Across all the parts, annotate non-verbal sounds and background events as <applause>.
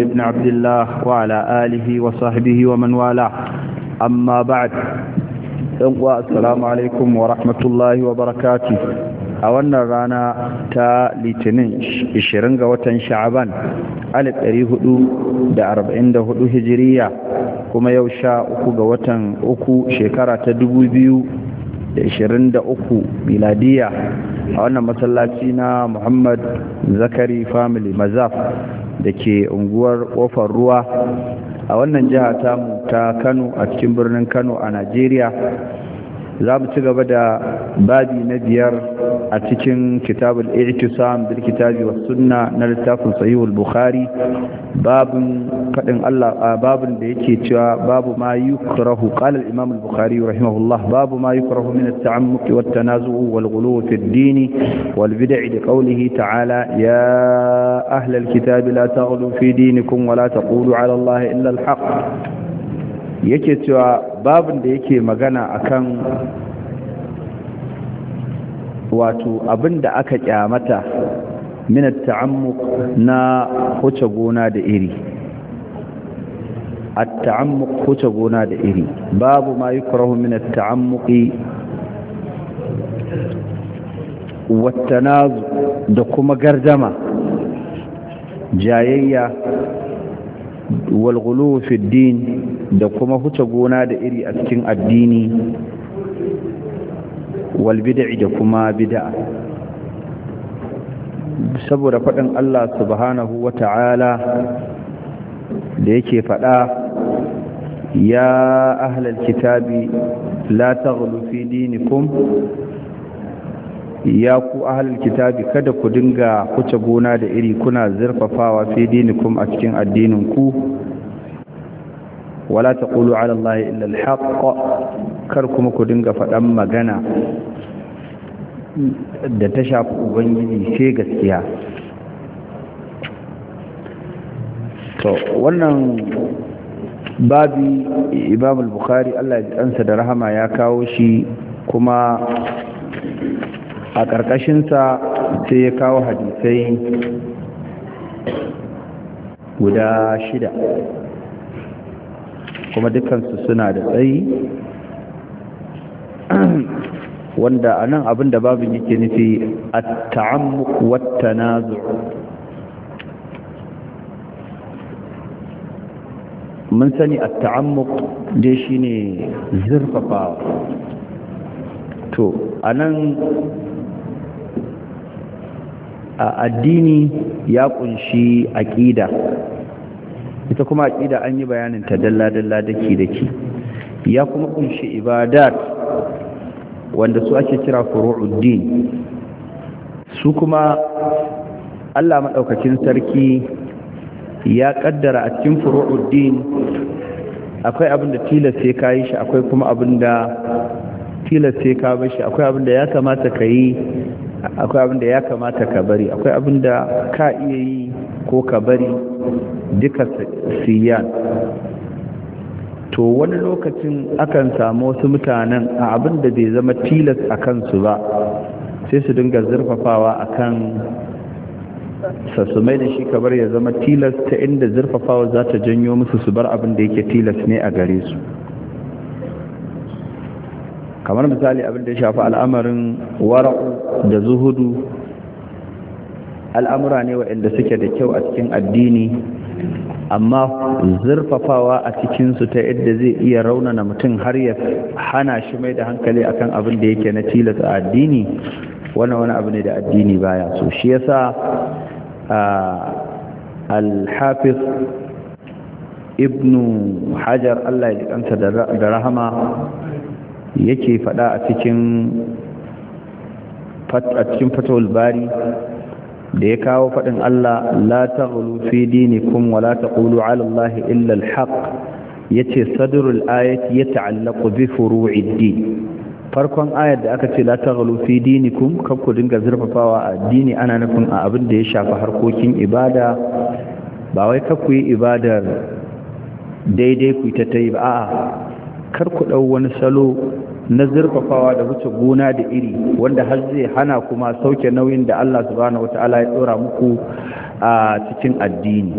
ابن عبد الله وعلى آله وصحبه ومن والاه أما بعد السلام عليكم ورحمة الله وبركاته a wannan rana ta litinin 20 ga watan sha'aban 1444 hijiriya kuma yau sha uku ga watan uku shekara ta 2023 miladiya a wannan masallaci na muhammad zakari family mazaf da ke unguwar ƙofar ruwa a wannan jiha tamu ta kano a cikin birnin kano a najeriya za mu ci gaba da babi na biyar a cikin kitabul i'tisam bil kitabi was sunna na littafin sahih al bukhari babun kadin Allah babun da yake cewa babu ma yukrahu qala al imam al bukhari rahimahullah babu ma yukrahu min al ta'ammuq wa wat tanazu' al ghulu fi al din wa al bid'i li qawlihi ta'ala ya ahla al kitab la taghlu fi dinikum wa la taqulu ala Allah illa al haqq yake cewa babin da yake magana kan, wato abin da aka kyamata min ta'ammuk na huce gona da iri A taammuk huce gona da iri babu ma yukrahu min at-ta'ammuqi wattanazu da kuma gardama jayayya walgulu fiddin da kuma huce gona da iri a cikin addini wal da kuma bid'a saboda faɗin Allah subhanahu wata'ala da yake faɗa ya ahlal kitabi la taghlu dinikum ya ku ahlal kitabi kada ku dinga huce gona da iri kuna zurfafawa fi dinikum a cikin addinin ku wala ta ala Allah ila al kar kuma ku dinga faɗan magana da ta shafi ubangiji sai gaskiya to wannan babi imam al-bukhari Allah ya ansa da rahama ya kawo shi kuma a ƙarƙashinsa sai ya kawo hadisai guda shida kuma dukansu suna da tsayi wanda anan nan abin da babin yake nufi a ta'ammuk na mun sani a ta'ammuk da shi ne zurfafawa to anan a addini ya kunshi aƙida ita kuma aƙida an yi bayanin ta dalla-dalla daki-daki ya kuma kunshi ibadat wanda su ake kira furu'uddin su kuma Allah maɗaukacin sarki ya ƙaddara a cikin furu'uddin akwai abin da tilaste ka yi shi akwai kuma abin da ka bashi akwai abin da ya kamata ka yi akwai abin da ya kamata ka bari akwai abin da ka iya yi ko ka bari duka siyan to wani lokacin akan samu wasu mutanen a abin da bai zama tilas a kansu ba sai su dinga zurfafawa a kan sassumai da shi kabar ya zama tilas ta inda zurfafawa za ta janyo musu su bar abin da yake tilas ne a gare su kamar misali abin da ya shafi al'amarin wara'u da zuhudu al'amura ne waɗanda suke da kyau a cikin addini amma zurfafawa a cikinsu ta yadda zai iya raunana mutum har ya hana shi mai da hankali akan abin da yake na tilas a addini wannan wani abu ne da addini baya so shi yasa al-hafiz Ibn hajar allah ya kanta da rahama yake faɗa a cikin fatawul bari da ya kawo faɗin Allah la taghlu fi dinikum wa la taqulu ala Allah illa al-haq yace sadrul ayati yata'allaqu bi furu'id din farkon ayar da aka ce la taghlu fi dinikum Kar ku dinga zurfafawa a addini ana nufin a abin da ya shafi harkokin ibada ba wai kar ku yi ibadar daidai ku ta ta yi ba a'a kar ku ɗau wani salo na zurfafawa da wuce gona da iri wanda har zai hana kuma sauke nauyin da Allah subhanahu wata'ala ya dora muku a cikin addini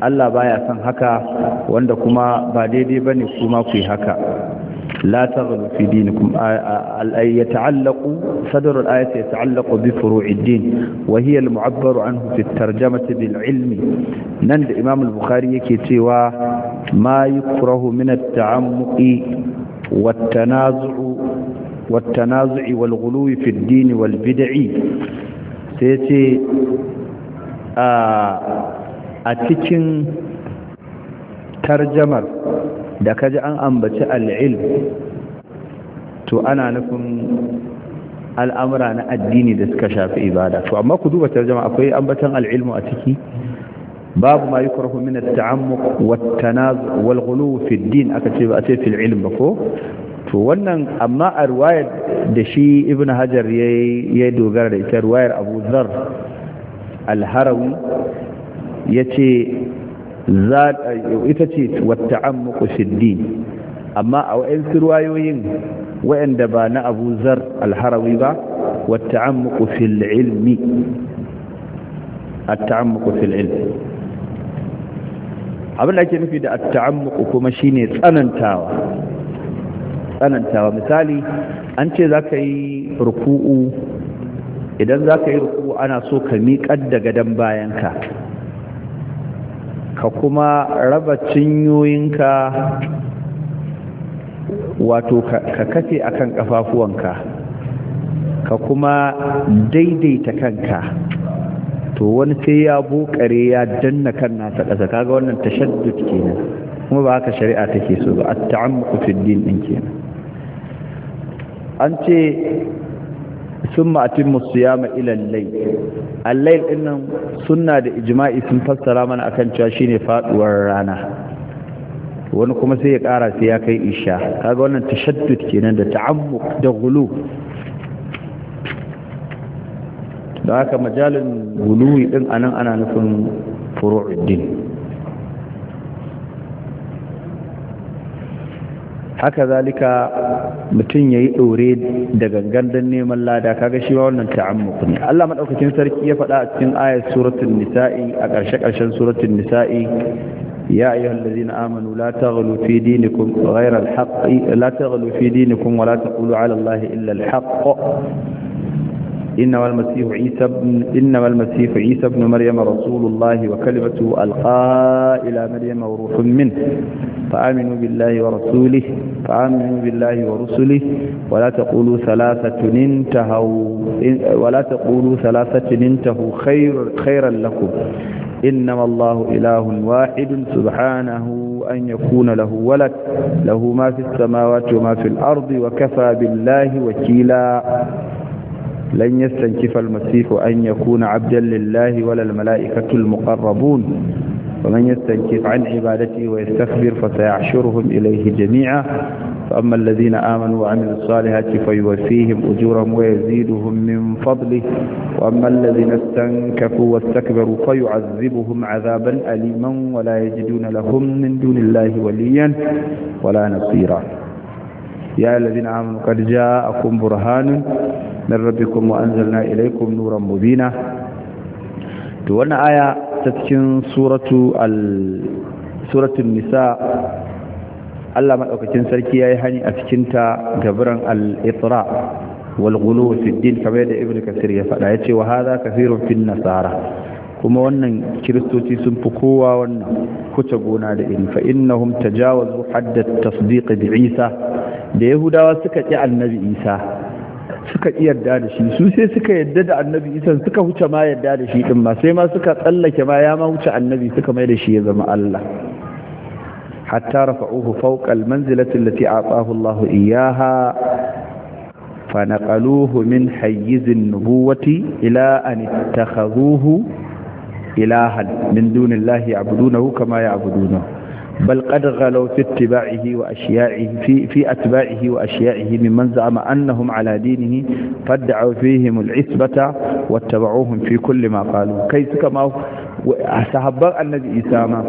Allah baya son haka wanda kuma ba daidai bane kuma kuyi haka la taghlu fi dinikum ay yata'allaqu sadr al-ayat yata'allaqu bi furu' ad-din wa hiya al-mu'abbaru anhu fi bil-'ilm nan da imam al-bukhari yake cewa ma yukrahu min at-ta'ammuqi والتنازع والتنازع والغلو Wal الدين والبدع سيتي a cikin tarjamar da kaji an ambaci al'il to ana nufin al'amura na addini da suka shafi ibada to amma ku duba tarjama akwai ambatan al'ilmu a ciki babu ma yukrahu min at-ta'ammuq wat-tanazu' wal-ghulu fi din aka ce ba ko to wannan amma a riwayar da shi ibn hajar ya dogara da ita riwayar abu zar alharawi ya ce ita ce wata an din amma a wa'yansu riwayoyin wa'yanda ba na abu zar alharawi ba wata an ilmi a ta'ammuku ilmi abin da ake nufi da ta'ammuku kuma shine tsanantawa tsanantawa misali an ce za ka yi ruku'u idan za ka yi ruku'u ana so ka miƙar da gadon bayanka ka kuma raba cinyoyinka wato ka kafe akan kafafuwanka ka kuma daidaita kanka to wani sai ya bokare ya danna kan nasa ƙasa kaga wannan tashaddud kenan kuma ba haka shari'a take so ba at-ta'ammuq fi din din kenan an ce summa atimmu siyama ila al-layl al-layl dinnan sunna da ijma'i sun fassara mana akan cewa shine faduwar rana wani kuma sai ya ƙara sai ya kai isha kaga wannan tashaddud kenan da ta'ammuq da ghulu da haka majalin guluwi din anan ana nufin furu'uddin haka zalika mutum ya yi ɗore da gangan don neman lada kaga shi wannan ta'ammuk ne Allah maɗaukakin sarki ya faɗa a cikin ayat suratun nisa'i a ƙarshe-ƙarshen suratun nisa'i ya ayi hallazi amanu la taghlu fi dinikum ghayra al-haqq la taghlu fi dinikum wa la taqulu ala Allah illa al-haqq إنما المسيح عيسى بن إنما المسيح عيسى بن مريم رسول الله وكلمته ألقى إلى مريم وروح منه فآمنوا بالله ورسوله فآمنوا بالله ورسله ولا تقولوا ثلاثة انتهوا ولا تقولوا ثلاثة انتهوا خير خيرا لكم إنما الله إله واحد سبحانه أن يكون له ولد له ما في السماوات وما في الأرض وكفى بالله وكيلا لن يستنكف المسيح أن يكون عبدا لله ولا الملائكة المقربون ومن يستنكف عن عبادته ويستخبر فسيعشرهم إليه جميعا فأما الذين آمنوا وعملوا الصالحات فيوفيهم أجورهم ويزيدهم من فضله وأما الذين استنكفوا واستكبروا فيعذبهم عذابا أليما ولا يجدون لهم من دون الله وليا ولا نصيرا يا الذين امنوا قد جاءكم برهان من ربكم وانزلنا اليكم نورا مبينا to wannan aya ta cikin suratu al nisa Allah madaukakin sarki yayi hani a cikin ta gabran al itra kamar da ibnu kasir ya fada yace wa hadha kathirun nasara kuma wannan kiristoci sun fi kowa wannan kuce gona da irin fa innahum tajawazu hadda tasdiq bi isa da yahudawa suka ƙi annabi isa suka ƙi yarda da shi su sai suka yarda da annabi isa suka huce ma yarda da shi ɗin ma sai ma suka tsallake ma ya ma huce annabi suka mai da shi ya zama allah hatta rafa'uhu fawqa almanzilati allati a'tahu allah iyyaha فنقلوه min حيز النبوة إلى ilahan, اتخذوه إلها من دون الله يعبدونه كما يعبدونه بل قد غلوا في اتباعه وأشيائه في, في أتباعه وأشيائه ممن زعم أنهم على دينه فادعوا فيهم العثبة واتبعوهم في كل ما قالوا كيف كما سهبا النبي إسامة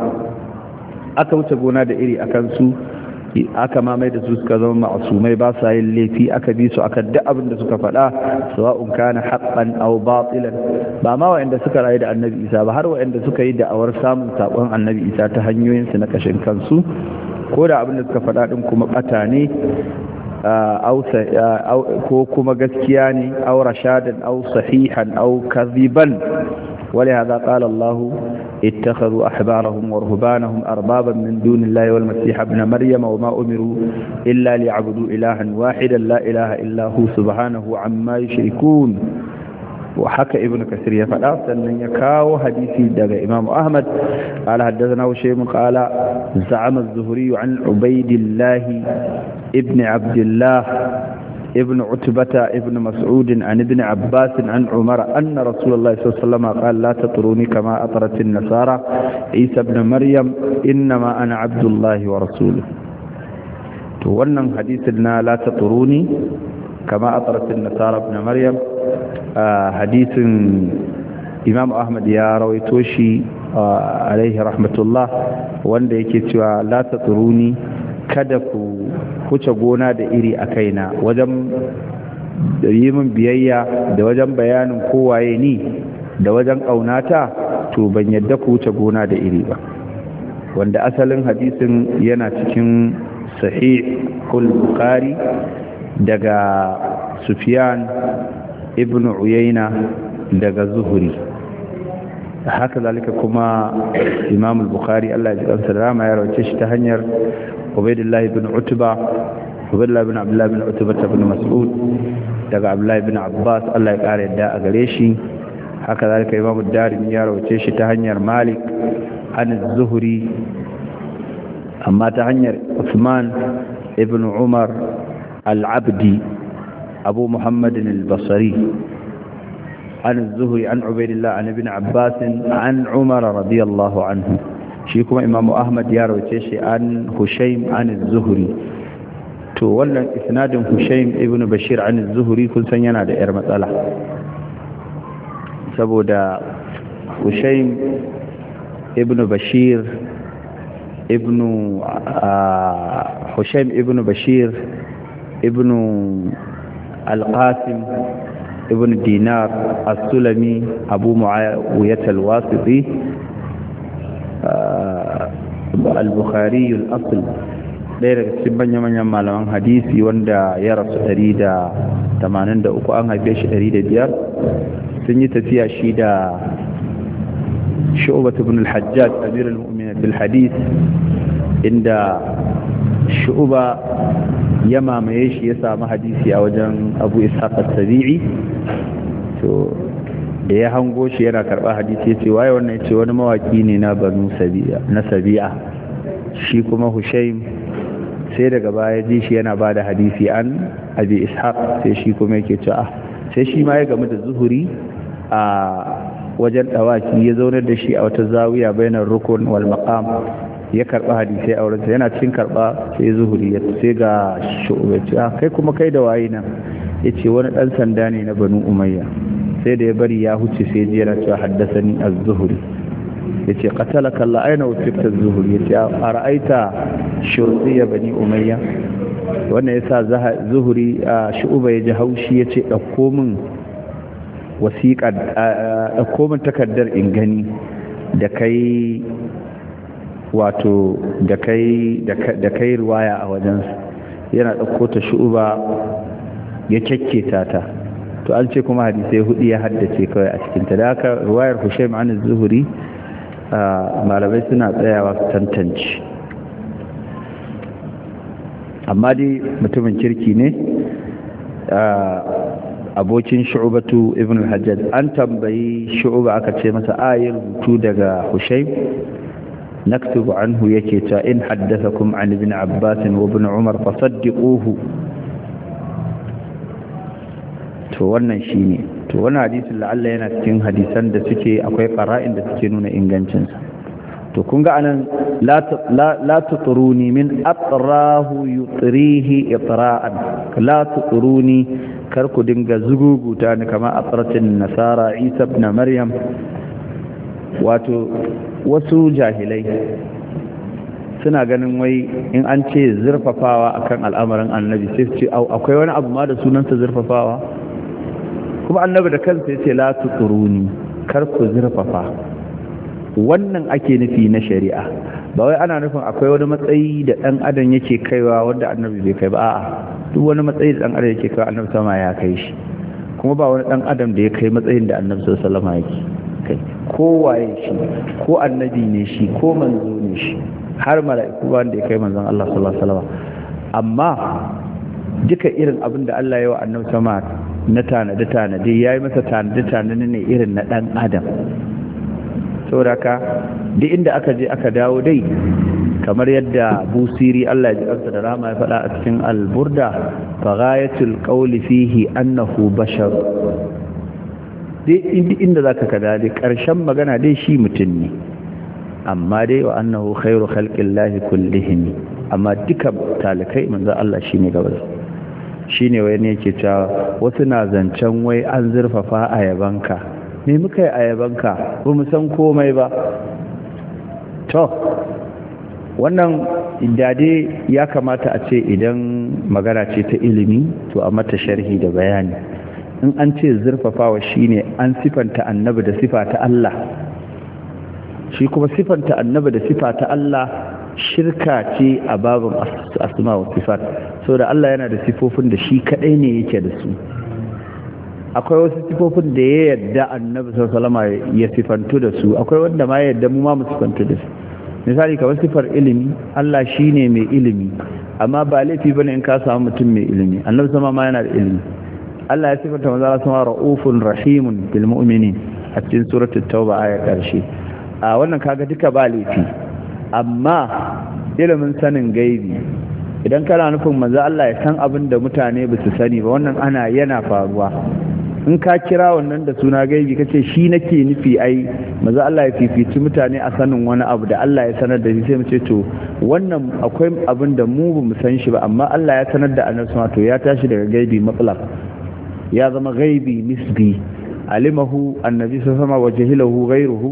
أكوت بنا دئري أكنسو aka ma mai da su suka zama ma'asumai ba sa yin laifi aka bi su aka da abin da suka faɗa sawa'un kana haqqan aw batilan ba ma wa'anda suka rayu da annabi isa ba har wa'anda suka yi da'awar samun sakon annabi isa ta hanyoyin su na kashin kansu ko da abin da suka faɗa ɗin kuma bata ne ko kuma gaskiya ne aw rashadan aw sahihan aw kadhiban ولهذا قال الله اتخذوا أحبارهم ورهبانهم أربابا من دون الله والمسيح ابن مريم وما أمروا إلا ليعبدوا إلها واحدا لا إله إلا هو سبحانه عما يشركون وحكى ابن كثير يفعل سنن يكاو حديثي دغ امام احمد قال حدثنا شيء قال زعم الزهري عن عبيد الله ابن عبد الله ابن عتبة ابن مسعود عن ابن عباس عن عمر أن رسول الله صلى الله عليه وسلم قال لا تطروني كما أطرت النصارى عيسى ابن مريم إنما أنا عبد الله ورسوله تولنا حديثنا لا تطروني كما أطرت النصارى ابن مريم آه حديث إمام أحمد يا رويتوشي آه عليه رحمة الله وأن يكتوى لا تطروني كدفوا wuce gona da iri a kaina wajen da yi min biyayya da wajen bayanin kowaye ni da wajen ƙaunata to ban yadda ku wuce gona da iri ba wanda asalin hadisin yana cikin kul bukhari daga sufyan ibn uyaina daga zuhuri haka zalika kuma imam bukhari Allah ya ji kansa rama ya rawace shi ta hanyar ubaidillah ibn utba ubaidillah ibn abdullah ibn utba daga abdullah ibn abbas Allah ya kare yadda a gare shi haka zalika imamu darim ya rawace shi ta hanyar malik an zuhri amma ta hanyar usman ibn umar al-abdi abu عن الزهري عن عبيد الله عن ابن عباس عن عمر رضي الله عنه shi kuma imamu ahmad ya rauce shi an hushaim an zuhuri to wannan isnadin hushaim ibn bashir an zuhuri kun san yana da yar matsala saboda hushaim ibn bashir ibn hushaim ibn bashir ibn al-qasim ibn dinar as-sulami abu muawiyah al-wasiti al-bukhari al-asl ɗaya daga cikin manya-manyan malaman hadisi wanda ya rasu 183 an haife shi 105 sun yi tafiya shi da shu'ubatu ibn al-hajjaj amir al-mu'minin bil hadith inda shu'uba ya mamaye shi ya samu hadisi a wajen abu ishaq as-sabi'i to da ya hango shi yana karba hadisi ya ce waye wannan ce wani mawaki ne na banu na sabi'a shi kuma hushaim sai daga baya ji shi yana bada hadisi an abi ishaq sai shi kuma yake cewa ah, sai shi ma ya gamu da zuhuri a wajen dawaki ya zaunar da shi a wata zawiya bainar rukun wal maqam ya karba hadisai a wurinsa yana cin karba sai zuhuri ya sai ga shu'uba ah, kai kuma kai da waye nan yace wani dan sanda ne na banu umayya sai da ya bari ya huce sai ji yana cewa ni az-zuhri yace qatalaka kalla aina wasifta az-zuhri yace ara'aita shurtiya bani umayya wannan yasa zuhri shu'uba yaji haushi yace dauko min wasiƙar dauko min takardar in gani da kai wato da kai da kai riwaya a wajensa yana dauko ta shu'uba ya kyakketa ta to an ce kuma hadisai hudu ya haddace kawai a cikinta da haka ruwayar hushaim an zuhuri malamai suna tsayawa su tantance amma dai mutumin kirki ne abokin shu'ubatu ibn al-hajjaj an tambayi shu'uba aka ce masa ayin rubutu daga hushaim naktubu anhu yake ta in kuma an ibn abbasin wa ibn umar fasaddiquhu to wannan shi ne to wannan hadisin la'alla yana cikin hadisan da suke akwai fara'in da suke nuna ingancinsa to kun ga anan la tuturuni min atrahu yutrihi itra'an la tuturuni kar ku dinga zuguguta ni kama atratin nasara isa ibn maryam wato wasu jahilai suna ganin wai in an ce zurfafawa akan al'amarin annabi sai ce akwai wani abu ma da sunansa zurfafawa kuma annabi da kansa ya ce la tuturuni kar ku zurfafa wannan ake nufi na shari'a ba wai ana nufin akwai wani matsayi da dan adam yake kaiwa wanda annabi bai kai ba a'a duk wani matsayi da dan adam yake kaiwa annabi sama ya kai shi kuma ba wani dan adam da ya kai matsayin da annabi sallallahu alaihi wasallam yake kai ko waye shi ko annabi ne shi ko manzo ne shi har mala'iku ba wanda ya kai manzon Allah sallallahu alaihi wasallam amma duka irin abin da Allah ya wa annabi sama na tanade-tanade ya yi masa tanade-tanade ne irin na ɗan adam sauraka duk inda aka je aka dawo dai kamar yadda busiri Allah ya ji da rama ya faɗa a cikin alburda faghayatul qawli fihi annahu bashar duk inda zaka ka dai karshen magana dai shi mutum ne amma dai wa annahu khairu khalqillahi kullihim amma duka talakai manzo Allah shine gaba shine wani yake cewa wasu na zancen wai an zurfafa a yabanka me muka yi a yabanka ba mu san komai ba to wannan dade ya kamata a ce idan magana ce ta ilimi to a mata sharhi da bayani in an ce zurfafawa shine an sifanta annabi da sifa ta Allah shi kuma sifanta annabi da sifa ta Allah shirka ce a babin asma wa sifat da Allah yana da sifofin da shi kadai ne yake da su akwai wasu sifofin da ya yadda annabi sallama ya sifantu da su akwai wanda ma ya yadda mu ma mu sifantu da su misali kamar sifar ilimi Allah shi ne mai ilimi amma ba laifi bane in ka samu mutum mai ilimi annabi sama ma yana da ilimi Allah ya sifanta manzo Allah sama raufun rahimun bil mu'minin a cikin suratul tauba aya karshe a wannan kaga duka ba laifi amma ilimin sanin gaibi idan kana nufin manzo Allah ya san abin da mutane ba su sani ba wannan ana yana faruwa in ka kira wannan da suna gaibi kace shi nake nufi ai manzo Allah ya fifici mutane a sanin wani abu da Allah ya sanar da shi sai mu ce to wannan akwai abin da mu ba mu san shi ba amma Allah ya sanar da annabi to ya tashi daga gaibi mutlaq ya zama gaibi nisbi alimahu annabi sallallahu alaihi wasallam wa jahilahu ghayruhu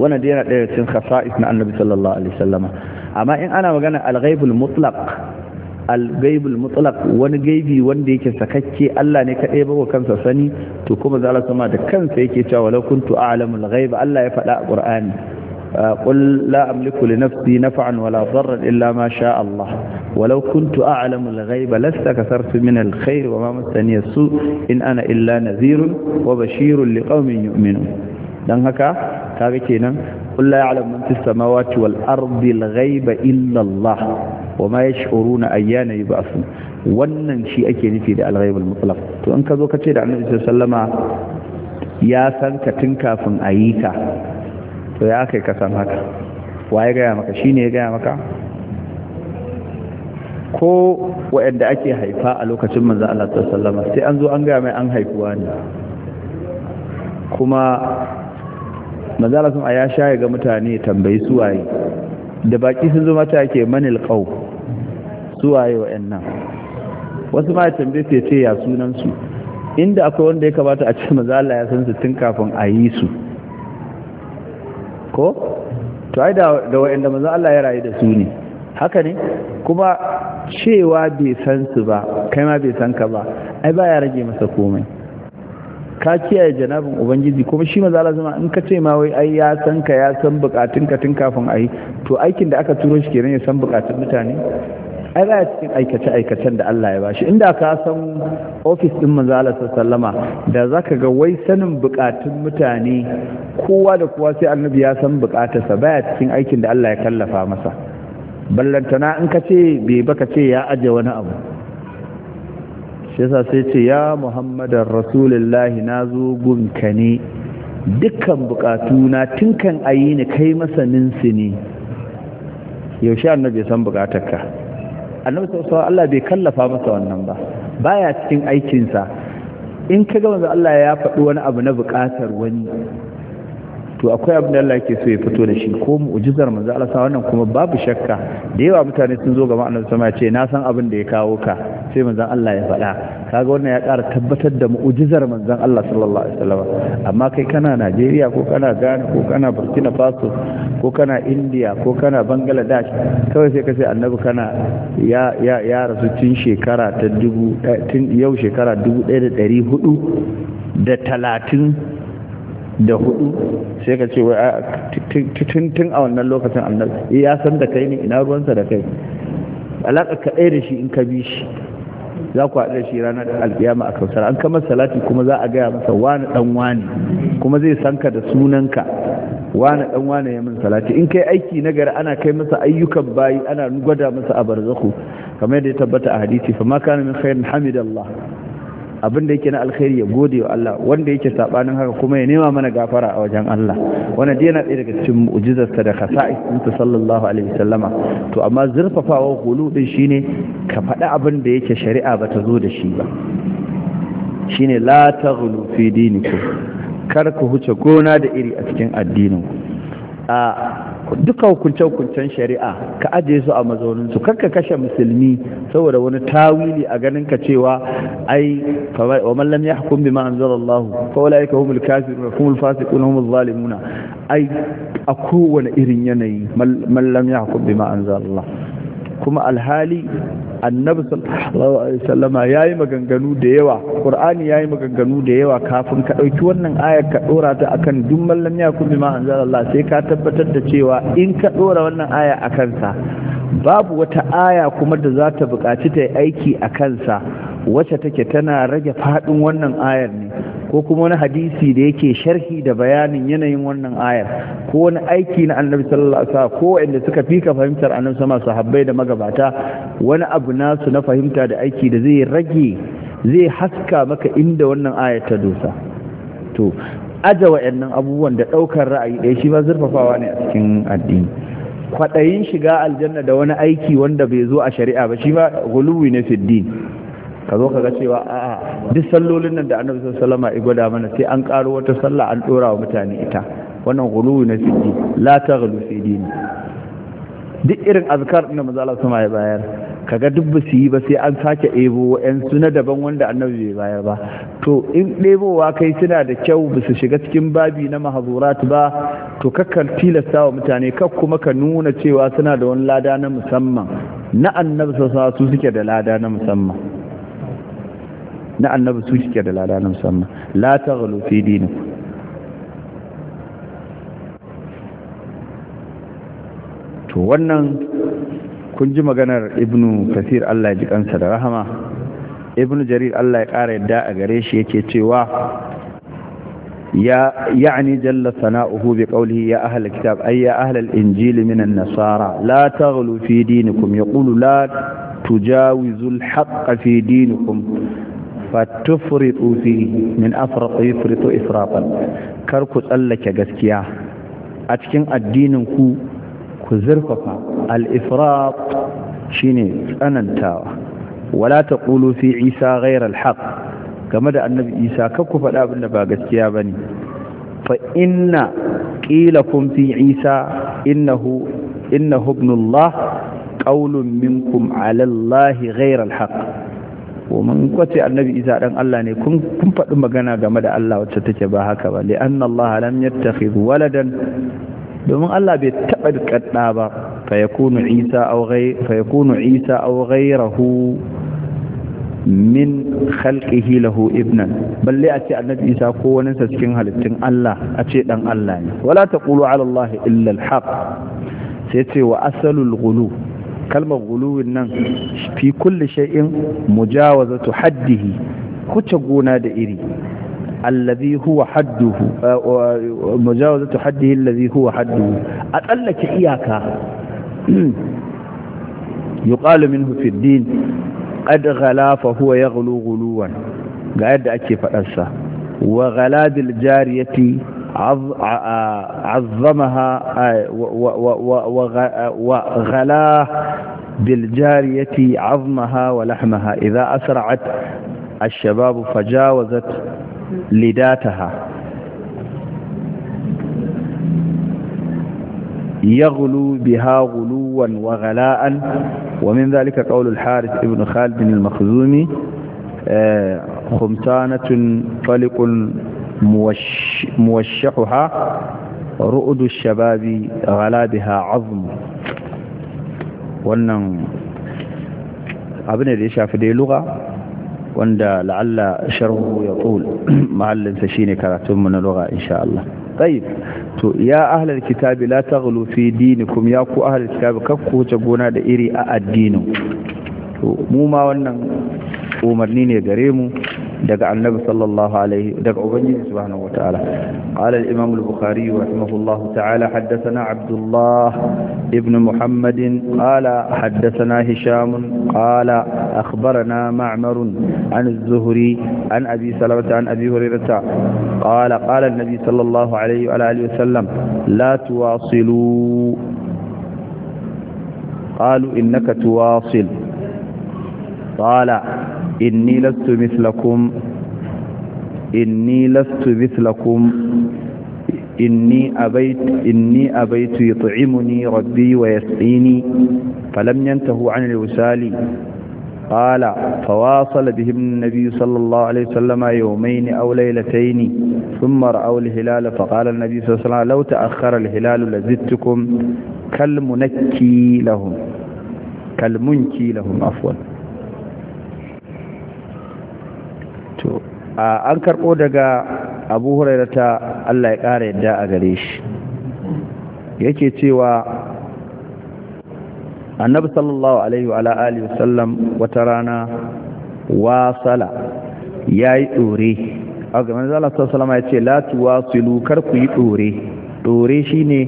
wannan da yana daya cikin khasa'is na annabi sallallahu alaihi wasallama amma in ana magana al-ghaibul mutlaq mutlaq wani gaibi wanda yake sakakke Allah ne kadai ba ko kansa sani to kuma za Allah sama da kansa yake cewa walau kuntu a'lamul ghaib Allah ya faɗa a Qur'ani قل لا أملك لنفسي نفعا ولا ضرا إلا ما شاء الله ولو كنت أعلم الغيب لاستكثرت من الخير وما مسني السوء إن أنا إلا نذير وبشير لقوم يؤمنون dan haka kaga kenan قل لا يعلم من في السماوات والأرض الغيب إلا الله وما يشعرون أيان يبعثون wannan shi ake nufi da alghaibul mutlaq to in ka zo ka ce da annabi sallama ya san ka tun kafin a yi ka to ya kai ka san haka waye gaya maka shine ya gaya maka ko waɗanda ake haifa a lokacin manzan Allah sallama sai an zo an gaya mai an haifuwa ne kuma manzala sun a ya shaye ga mutane tambayi suwaye da baki sun zo mata yake manil qaw suwaye nan. wasu ma tambaye su ce ya sunan su inda akwai wanda ya kamata a ce manzala ya san su tun kafin a yi su ko to ai da da 'yan manzo Allah ya rayu da su ne haka ne kuma cewa bai san su ba kai ma bai san ka ba ai ba ya rage masa komai ka kiyaye janabin ubangiji kuma shi maza lazima in ka ce ma wai ai ya san ka ya san bukatun ka tun kafin ayi to aikin da aka turo shi kenan ya san bukatun mutane ai ba cikin aikace aikacen da Allah ya bashi inda ka san ofis din maza sallama da zaka ga wai sanin bukatun mutane kowa da kowa sai annabi ya san bukatarsa baya cikin aikin da Allah ya kallafa masa ballantana in ka ce bai baka ce ya aje wani abu shi yasa sai ce ya muhammadar rasulullahi na zo gunka ne dukkan bukatuna tun kan ayi ni kai masanin su ne yaushe annabi san bukatarka annabi sau Allah bai kallafa masa wannan ba baya cikin aikinsa in ka ga Allah ya faɗi wani abu na bukatar wani to akwai abin da Allah yake so ya fito da shi ko mu'jizar manzo Allah sa wannan kuma babu shakka da yawa mutane sun zo gaba annabi sama ya ce na san abin da ya kawo ka sai manzo Allah ya faɗa kaga wannan ya ƙara tabbatar da mu'jizar manzo Allah sallallahu alaihi wasallam amma kai kana Najeriya ko kana Ghana ko kana Burkina Faso ko kana India ko kana Bangladesh kawai sai ka ce annabi kana ya ya ya rasu tun shekara ta dubu eh, tun yau shekara dubu ɗaya da ɗari hudu da talatin da hudu sai ka ce wai tun a wannan lokacin annabi eh, ya san da kai ne ina ruwansa da kai Alaka ka ɗaya da shi in ka bi shi za ku haɗa shi ranar alƙiyama a kausar an kama salati kuma za a gaya masa wani ɗan wani kuma zai san ka da sunanka wani ɗan wani ya min salati in kai aiki na gari ana kai masa ayyukan bayi ana gwada masa a barzaku kamar yadda ya tabbata a hadisi fa ma kana min khairin hamidallah Abinda yake na alkhairi ya gode wa Allah wanda yake sabanin haka kuma ya nema mana gafara a wajen Allah wannan dai yana ɗaya daga cikin mu'jizarsa da khasa'i ɗinsa sallallahu alaihi wasallama to amma zurfafawa hulu din shine ka faɗi abin da yake shari'a ba ta zo da shi ba shine la taghlu fi dinikum kar ku huce gona da iri a cikin addinin a duka hukunce-hukuncen shari'a ka ajiye su a mazauninsu karka kashe musulmi saboda wani tawili a ganin ka cewa ai wa mallam ya hukum bi Allah fa wala yaka humul kafir wa humul fasiqun wa humul zalimuna ai a kowane irin yanayi mallam ya hukum bi Allah kuma alhali annabi sallallahu alaihi wasallama yayi maganganu da yawa qur'ani yayi maganganu da yawa kafin ka dauki wannan ayar ka dora ta akan duk mallam ya kuma ma anzalallah sai ka tabbatar da cewa in ka dora wannan aya a kansa babu wata aya kuma da za ta buƙaci ta yi aiki a kansa wacce take tana rage faɗin wannan ayar ne ko kuma wani hadisi da yake sharhi da bayanin yanayin wannan ayar ko wani aiki na annabi sallallahu alaihi wasallam ko wanda suka fika fahimtar annabi sama sahabbai da magabata wani abu nasu na fahimta da aiki da zai rage zai haska maka inda wannan ayar ta dosa to aja wa'annan abubuwan da daukar ra'ayi ɗaya shi ba zurfafawa ne a cikin addini kwaɗayin shiga aljanna da wani aiki wanda bai zo a shari'a ba shi ba guluwi na fiddin ka zo ka ga cewa a'a duk sallolin nan da annabi sallallahu alaihi gwada mana sai an karo wata sallah an dora wa mutane ita wannan ghuluwi na sidi la taghlu fi duk irin azkar din da manzo Allah ya bayar kaga duk ba su yi ba sai an sake ebo yan suna daban wanda annabi bai bayar ba to in ɗebowa kai suna da kyau ba shiga cikin babi na mahazurat ba to kakkar tilasta wa mutane kak kuma ka nuna cewa suna da wani lada na musamman na annabi alaihi su suke da lada na musamman na annabi su suke da lada na musamman la taghlu fi to wannan kun ji maganar ibnu kasir Allah ya ji kansa da rahama ibnu jarir Allah ya ƙara yadda a gare shi yake cewa ya ya'ni jalla sana'uhu bi qawlihi ya ahlal kitab ay ya ahlal injil min an-nasara la taghlu fi dinikum yaqulu la tujawizu al-haqq fi dinikum fatufritu fi min afraq yufritu israfan kar ku tsallake gaskiya a cikin addinin ku ku zurfafa al-ifrat shine tsanantawa wala taqulu fi isa ghayra al-haq game da annabi isa kar ku faɗa abin da ba gaskiya bane fa inna kum fi isa innahu innahu ibnullah qawlun minkum ala allahi ghayra al-haq ومن قتي النبي إذا أن الله نكون كن فأم مغانا غمد الله وتتكبا هكذا لأن الله lam يتخذ waladan domin Allah bai taɓa kaɗa ba fa ya kunu isa au ghairahu min khalqihi lahu ibnan balle a ce annabi isa ko wani sa cikin halittun Allah a ce dan Allah ne wala taqulu ala Allah illa al-haq sai ce wa asalul ghulu kalmar guluwin nan fi kulli shay'in mujawazatu haddihi kuce gona da iri allazi huwa hadduhu eh, eh, mujawazatu haddihi allazi huwa hadduhu a tsallake iyaka <clears throat> yuqalu minhu fi din qad ghala fa huwa yaghlu guluwan ga yadda ake fadarsa wa ghala bil jariyati عظمها وغلاه بالجارية عظمها ولحمها إذا أسرعت الشباب فجاوزت لداتها يغلو بها غلوا وغلاء ومن ذلك قول الحارث ابن خالد المخزومي آه، خمتانة طلق muwashahuha ru'udu shababi ghalabiha azm wannan abin da ya shafi dai lugha wanda la'alla sharhu ya tul <clears throat> mahallinsa shine karatunmu na lugha insha Allah طيب to ya ahlal kitabi la taghlu fi dinikum ya ku ahlal kitabi kar ku gona da iri a addinin to mu ma wannan umarni ne gare mu دق النبي صلى الله عليه دق أبنجي سبحانه وتعالى قال الإمام البخاري رحمه الله تعالى حدثنا عبد الله ابن محمد قال حدثنا هشام قال أخبرنا معمر عن الزهري عن أبي سلمة عن أبي هريرة قال قال النبي صلى الله عليه وعلى آله وسلم لا تواصلوا قالوا إنك تواصل قال إني لست مثلكم إني لست مثلكم إني أبيت إني أبيت يطعمني ربي ويسقيني فلم ينتهوا عن الوسال قال فواصل بهم النبي صلى الله عليه وسلم يومين أو ليلتين ثم رأوا الهلال فقال النبي صلى الله عليه وسلم لو تأخر الهلال لزدتكم كالمنكي لهم كالمنكي لهم عفوا to an karɓo daga abu ta Allah ya ƙara yadda a gare shi yake cewa annabi sallallahu alaihi wa alihi wasallam wata rana wasala yayi dore aga manzo Allah sallallahu alaihi ya ce la kar ku yi dore dore shine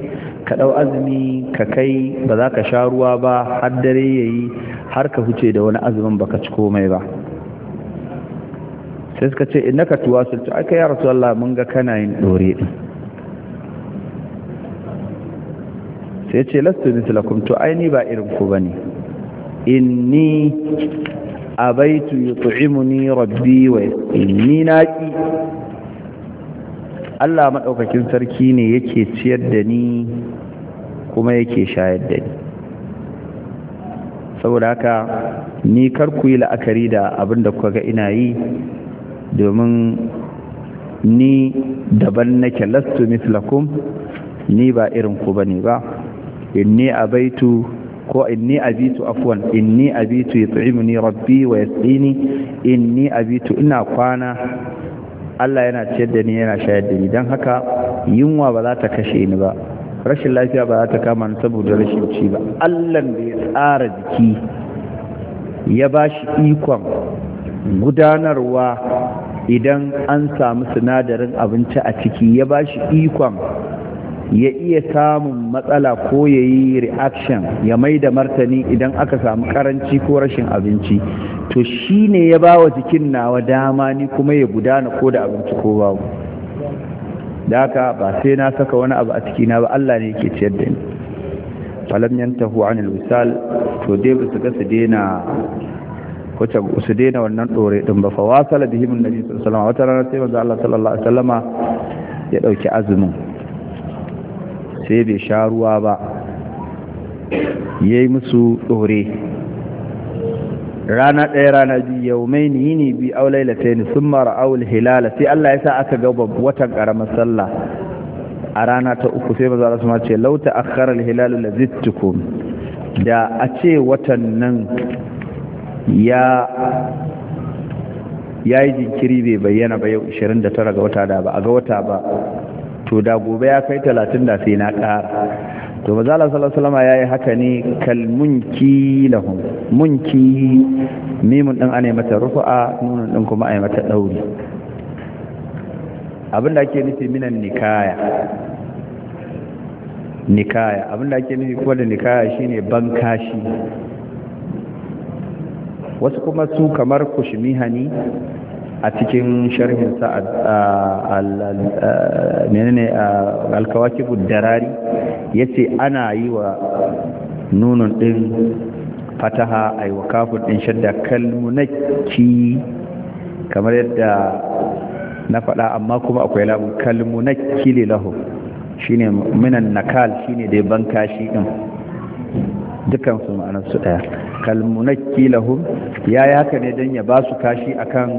ka dau azumi ka kai ba za ka sha ruwa ba har dare yayi har ka huce da wani azumin baka ci komai ba sai suka ce innaka tuwasul to aka ya rasulullah mun ga kana yin dore din sai ce lastu mislakum to ai ni ba irin ku bane inni abaitu yut'imuni rabbi wa inni naqi Allah madaukakin sarki ne yake ciyar da ni kuma yake shayar da ni saboda haka ni kar ku yi la'akari da abinda kuka ga ina yi domin ni daban nake lastu mislakum ni ba irin ku bane ba inni abaitu ko inni abitu afwan inni abitu yut'imuni rabbi wa yasqini inni abitu ina kwana Allah yana ciyar da ni yana shayar da ni don haka yunwa ba za ta kashe ni ba rashin lafiya ba za ta kama ni saboda rashin ci ba Allah da ya tsara jiki ya bashi ikon gudanarwa idan an samu sinadarin abinci a ciki ya ba shi ikon ya iya samun matsala ko ya yi reaction ya mai da martani idan aka samu karanci ko rashin abinci to shi ne ya ba wa jikin nawa dama ni kuma ya gudana ko da abinci ko babu da haka ba sai na saka wani abu a cikina ba Allah ne yake ciyar da ni falam yantahu anil wisal to dai ba su ga su daina wacce su daina wannan dore din ba fa wasala bihim annabi sallallahu alaihi wata rana sai manzo Allah sallallahu alaihi wasallama ya dauki azumin sai bai sha ruwa ba yayi musu dore rana ɗaya rana biyu yaumai ni yini bi au lailata ni sun mara awul hilala sai Allah ya sa aka ga watan ƙaramar sallah a rana ta uku sai maza Allah ce lauta akhara al hilal la zittukum da a ce watan nan ya ya yi jinkiri bai bayyana ba yau 29 ga wata da ba a ga wata ba to da gobe ya kai 30 da sai na ƙara to za Allah sallallahu alaihi wasallam yayi haka ne kal munki lahum munki mimun din ana mata rufu'a nunun din kuma ai mata dauri abinda ake nufi minan nikaya nikaya abinda ake nufi kuma da nikaya shine bankashi wasu kuma su kamar kushmihani a cikin sharhin sa menene alkawaki buddarari ce ana yi wa nunan ɗin fataha yi wa kafin din shadda kalmunaki kamar yadda na faɗa amma kuma akwai labun kalmunaki shi shine minan nakal shine dai bankashi ɗin. dukan su ma'anar su daya kalmunakki lahum ya haka ne dan ya ba su kashi akan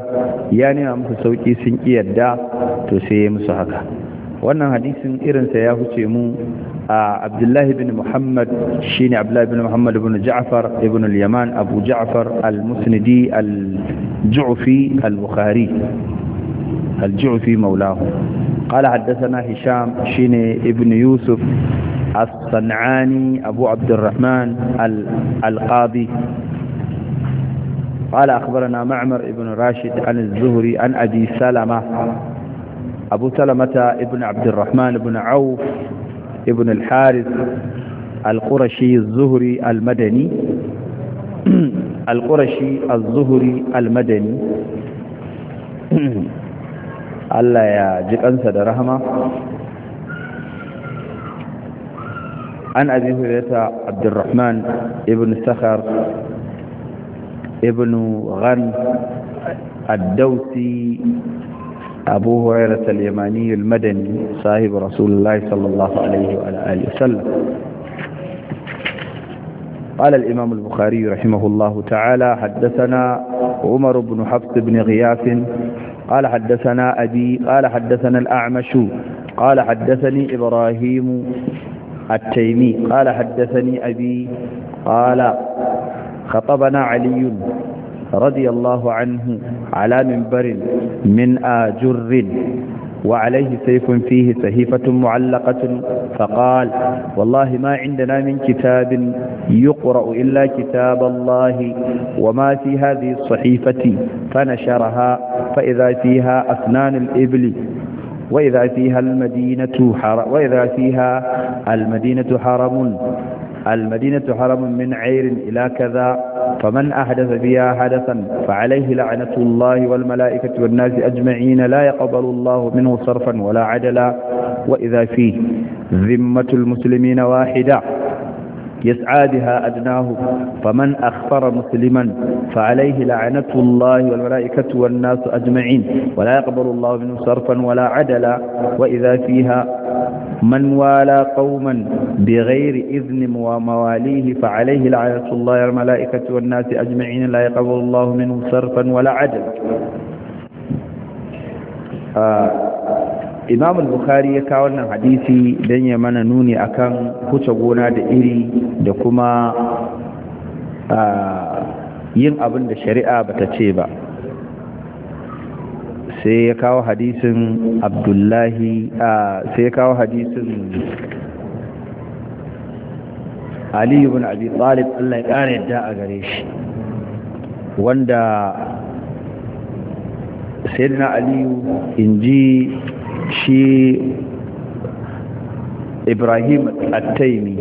ya nema musu sauki sun ki yadda to sai ya musu haka wannan hadisin irinsa ya huce mu a abdullahi bin muhammad shine abdullahi bin muhammad ibn ja'far ibn al-yaman abu ja'far al-musnidi al-ju'fi al-bukhari al-ju'fi maulahu قال حدثنا هشام شيني ابن يوسف الصنعاني أبو عبد الرحمن القاضي قال أخبرنا معمر ابن راشد عن الزهري عن أبي سلمة أبو سلمة ابن عبد الرحمن ابن عوف ابن الحارث القرشي الزهري المدني <clears throat> القرشي الزهري المدني <clears throat> Allah يا ji درهما da rahama an عبد الرحمن Abdurrahman سخر Sakhar غن الدوسي أبو هريرة اليماني المدني صاحب رسول الله صلى الله عليه وعلى آله وسلم قال الإمام البخاري رحمه الله تعالى حدثنا عمر بن حفص بن غياث قال حدثنا أبي قال حدثنا الأعمش قال حدثني إبراهيم التيمي قال حدثني أبي قال خطبنا علي رضي الله عنه على منبر من آجر وعليه سيف فيه سهيفة معلقة فقال والله ما عندنا من كتاب يقرأ إلا كتاب الله وما في هذه الصحيفة فنشرها فإذا فيها أسنان الإبل وإذا فيها المدينة حرم وإذا فيها المدينة حرم المدينة حرم من عير إلى كذا فمن أحدث فيها حدثا فعليه لعنة الله والملائكة والناس أجمعين لا يقبل الله منه صرفا ولا عدلا وإذا فيه ذمة المسلمين واحدة يسعى بها أدناه فمن أخفر مسلما فعليه لعنة الله والملائكة والناس أجمعين ولا يقبل الله منه صرفا ولا عدلا وإذا فيها من والى قوما بغير إذن ومواليه فعليه لعنة الله والملائكة والناس أجمعين لا يقبل الله منه صرفا ولا عدل آه imam al-bukhari ya kawo wannan hadisi don ya mana nuni akan huce gona da iri da kuma ah, yin abin da shari'a bata ce ba sai ya kawo hadisin abdullahi sai ya kawo hadisin aliyu bin abi talib Allah ya kare yadda a gare shi wanda Aliyu in ji shi ibrahim Attaimi,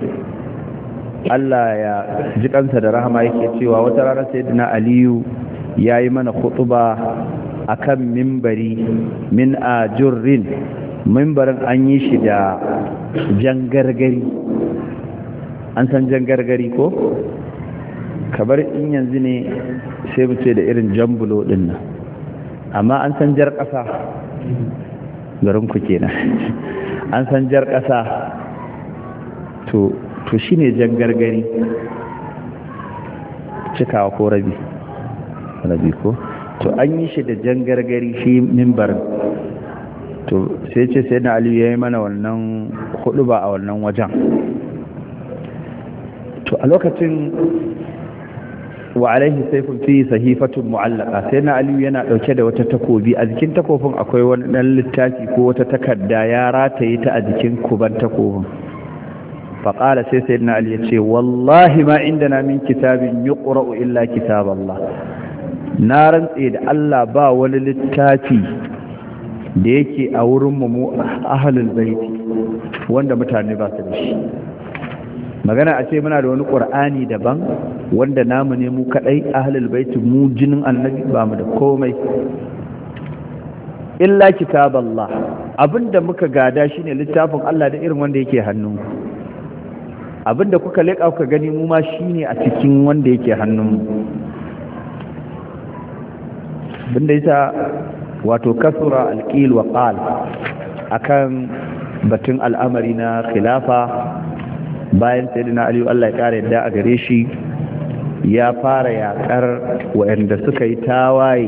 Allah ya ji kansa da rahama yake cewa wata rana na aliyu ya yi mana khutba akan mimbari min ajurrin mimbarin an yi shi da jan gargari an san jan gargari ko kabar in yanzu ne sai mu ce da irin jan bulo din nan amma an san jar ƙasa garin ku kenan <laughs> an san jar ƙasa to to shine jan gargari cikawa ko rabi rabi ko to an yi shi da jan gargari shi mimbarin to sai ce sai na aliyu ya yi mana wannan hudu ba a wannan wajen to a lokacin wa alaihi kun fi sahifatun mu'allaka sai na aliyu yana dauke da wata takobi a jikin takobin akwai wani dan littafi ko wata takarda ya rataye ta a jikin kuban takobin faƙala sai sai na aliyu ce wallahi ma inda na min kitabin yi illa kitab Allah na rantse da Allah ba wani littafi da yake a wurin mu ahalul baiti wanda mutane ba su da shi magana a ce muna da wani ƙur'ani daban wanda namu ne mu kaɗai ahalul baiti mu jinin annabi ba mu da komai illa Allah abinda muka gada shine littafin Allah da irin wanda yake hannun abinda kuka leƙa kuka gani mu ma shine a cikin wanda yake hannun abinda sa wato kasura alkil wa qal akan batun al'amari na khilafa bayan sayyidina ali Allah ya kare yadda a gare shi ya fara yaƙar wayanda suka yi tawaye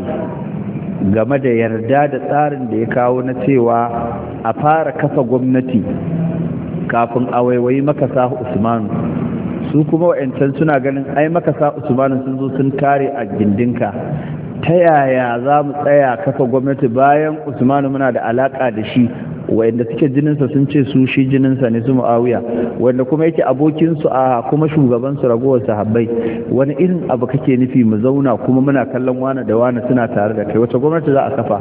game da yarda da tsarin da ya kawo na cewa a fara kafa gwamnati kafin a waiwayi makasa usmanu su kuma wa'yancan suna ganin ai makasa usmanu sun zo sun kare a gindinka ta yaya za mu tsaya kafa gwamnati bayan usmanu muna da alaka da shi wanda suke jininsa sun ce su shi jininsa ne su mu'awiya wanda kuma yake abokinsu a kuma shugaban su ragowar sahabbai wani irin abu kake nufi mu zauna kuma muna kallon wani da wani suna tare da kai wata gwamnati za a kafa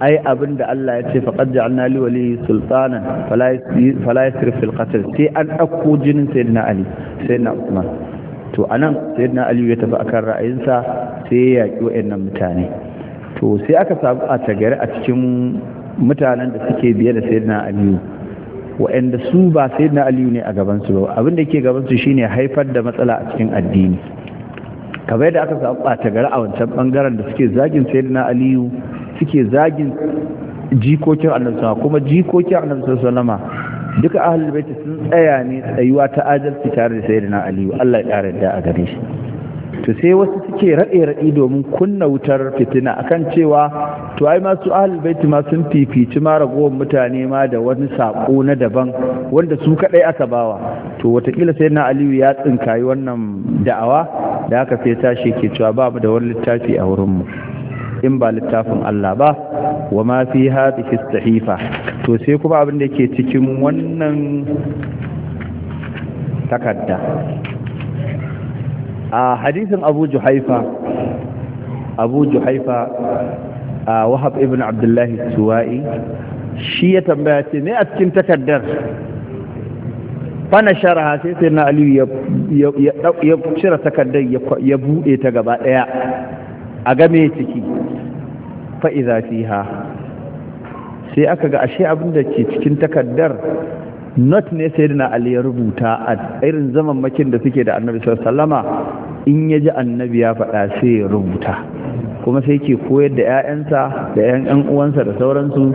ai abin da Allah ya ce faqad ja'alna li wali sultanan fala yasrif sai an dauko jinin sayyidina ali sayyidina usman to a nan sayyidina aliyu ya tafi akan ra'ayinsa sai ya yaƙi wa'annan mutane to sai aka samu a tagari a cikin mutanen da suke biye da sayyidina aliyu wa'anda su ba sayyidina aliyu ne a gabansu ba abin da yake gabansu shine haifar da matsala a cikin addini kamar yadda aka samu a tagari a wancan bangaren da suke zagin sayyidina aliyu suke zagin jikokin annabi kuma jikokin annabi sallama duka ahlul baiti tsaya ne tsayuwa ta adalci tare da sayyidina aliyu Allah ya ƙara da a gare shi to sai wasu suke raɗe-raɗi domin kunna wutar fitina akan cewa to ai masu ahal baiti ma sun fifici ma ragowar mutane ma da wani saƙo na daban wanda su kaɗai aka bawa to watakila sai na aliyu ya tsinkayi wannan da'awa da aka sai tashi ke cewa ba mu da wani littafi a wurin mu. in ba littafin Allah ba wa ma fi hadhihi sahifa to sai kuma abin da ke cikin wannan takarda a hadisin abu juhaifa abu juhaifa a wahab ibn abdullahi suwa'i shi ya tambaya ce ne a cikin takardar fana sharaha sai sai na aliyu ya cire takardar ya buɗe ta gaba ɗaya a game ciki fa'iza fiha sai aka ga ashe abin da ke cikin takardar not ne sai na ali ya rubuta a irin zaman makin da suke da annabi sallama in ya ji annabi ya faɗa sai ya rubuta kuma sai ke koyar da 'ya'yansa da 'yan uwansa da sauransu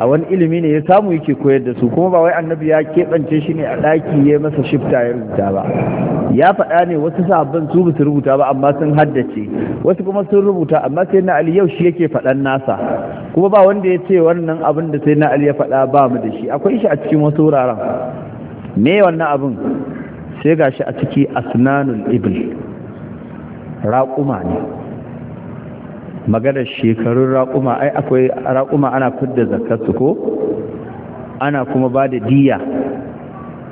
a wani ilimi ne ya samu yake koyar da su kuma ba wai annabi ya keɓance shi ne a ɗaki ya masa shifta ya rubuta ba ya faɗa ne wasu sahabban su basu rubuta ba amma sun haddace wasu kuma sun rubuta amma sai na ali yau shi yake faɗan nasa kuma ba wanda ya ce wannan abin da sai na ali ya faɗa ba mu da shi akwai shi a cikin wasu wuraren me wannan abin sai gashi a ciki asnanul ibl raƙuma ne maganar shekarun raƙuma ai akwai raƙuma ana fidda zakarsu ko ana kuma ba da diya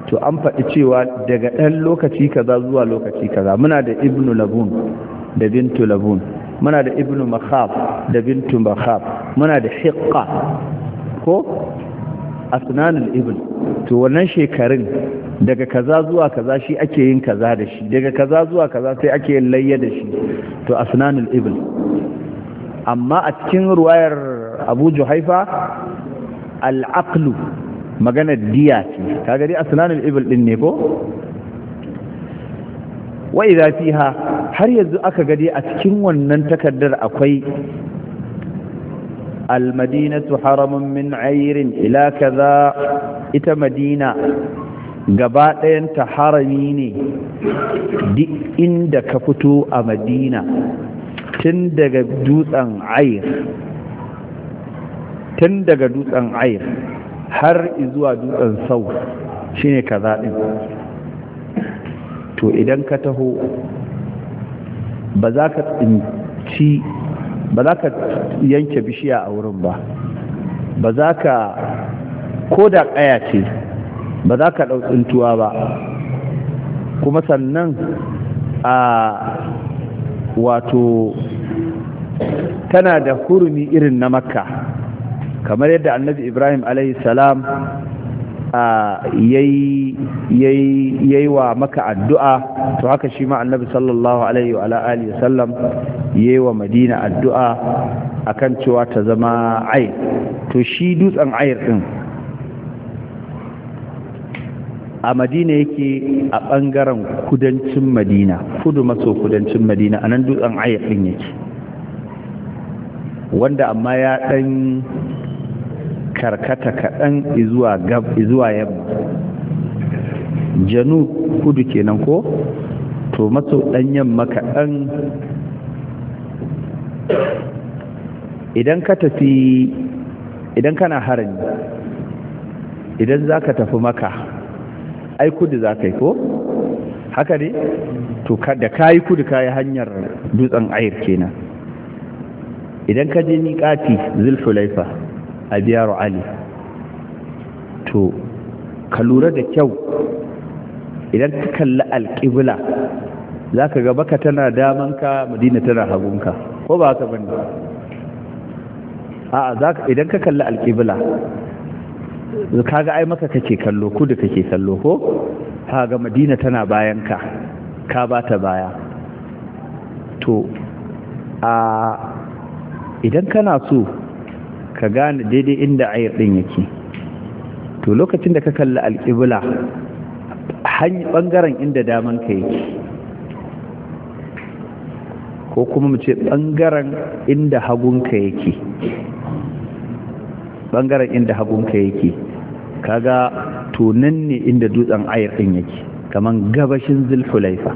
to an faɗi cewa daga ɗan lokaci kaza zuwa lokaci kaza muna da ibnu labun da bintu labun muna da ibnu makhaf da bintu makhaf muna da shiqqa ko sunanin ibn to wannan shekarun daga kaza zuwa kaza shi ake yin kaza da shi daga kaza zuwa kaza sai ake yin layya da shi to sunanin ibn amma a cikin ruwayar abu juhaifa al’aklu maganar diya ce kaga a asnanul ibil din ne ko wa idza ha, har yanzu aka ga a cikin wannan takardar akwai almadinatu haramun min ayirin ila kaza ita madina gaba ta harami ne duk inda ka fito a madina tun daga dutsen ayir tun daga dutsen ayir har zuwa dutsen sau shine ka to idan ka taho ba za ka tsinci ba za ka yanke bishiya a wurin ba ba za ka ko da ƙaya ce ba za ka ɗau tsintuwa ba kuma sannan a wato tana da hurumi irin na makka kamar yadda annabi ibrahim salam yi wa maka addu'a to haka shi ma annabi sallallahu alaihi wa sallam ya yayi wa madina addu'a akan cewa ta zama ayir to shi dutsen ayir din a madina yake a bangaren kudancin madina kudu maso kudancin madina a nan dutsen ayyafin yake wanda amma ya ɗan karkata kaɗan izuwa gab yamma janu kudu kenan ko to maso ɗan yamma kaɗan idan ka tafi idan kana harin idan za ka tafi maka ai kudu za ka yi ko haka ne to da ka yi kudu ka yi hanyar dutsen ayir kenan idan ka je niƙati zulfulaifa a biyar ali to ka lura da kyau idan ka kalli alƙibla za ka gaba ka tana damanka madina tana hagunka ko ba ka bane a'a idan ka kalli alƙibla ga ai maka kake kallo kudu kake kallo ko kaga madina tana bayan ka ka ba ta baya to a idan kana so ka gane daidai inda ayyar din yake to lokacin da ka kalli alƙibla ɓangaren inda daman ka yake ko kuma mu ce ɓangaren inda hagunka yake bangaren inda hagunka yake kaga tunan ne inda dutsen ayar din yake kaman gabashin zulhulaifa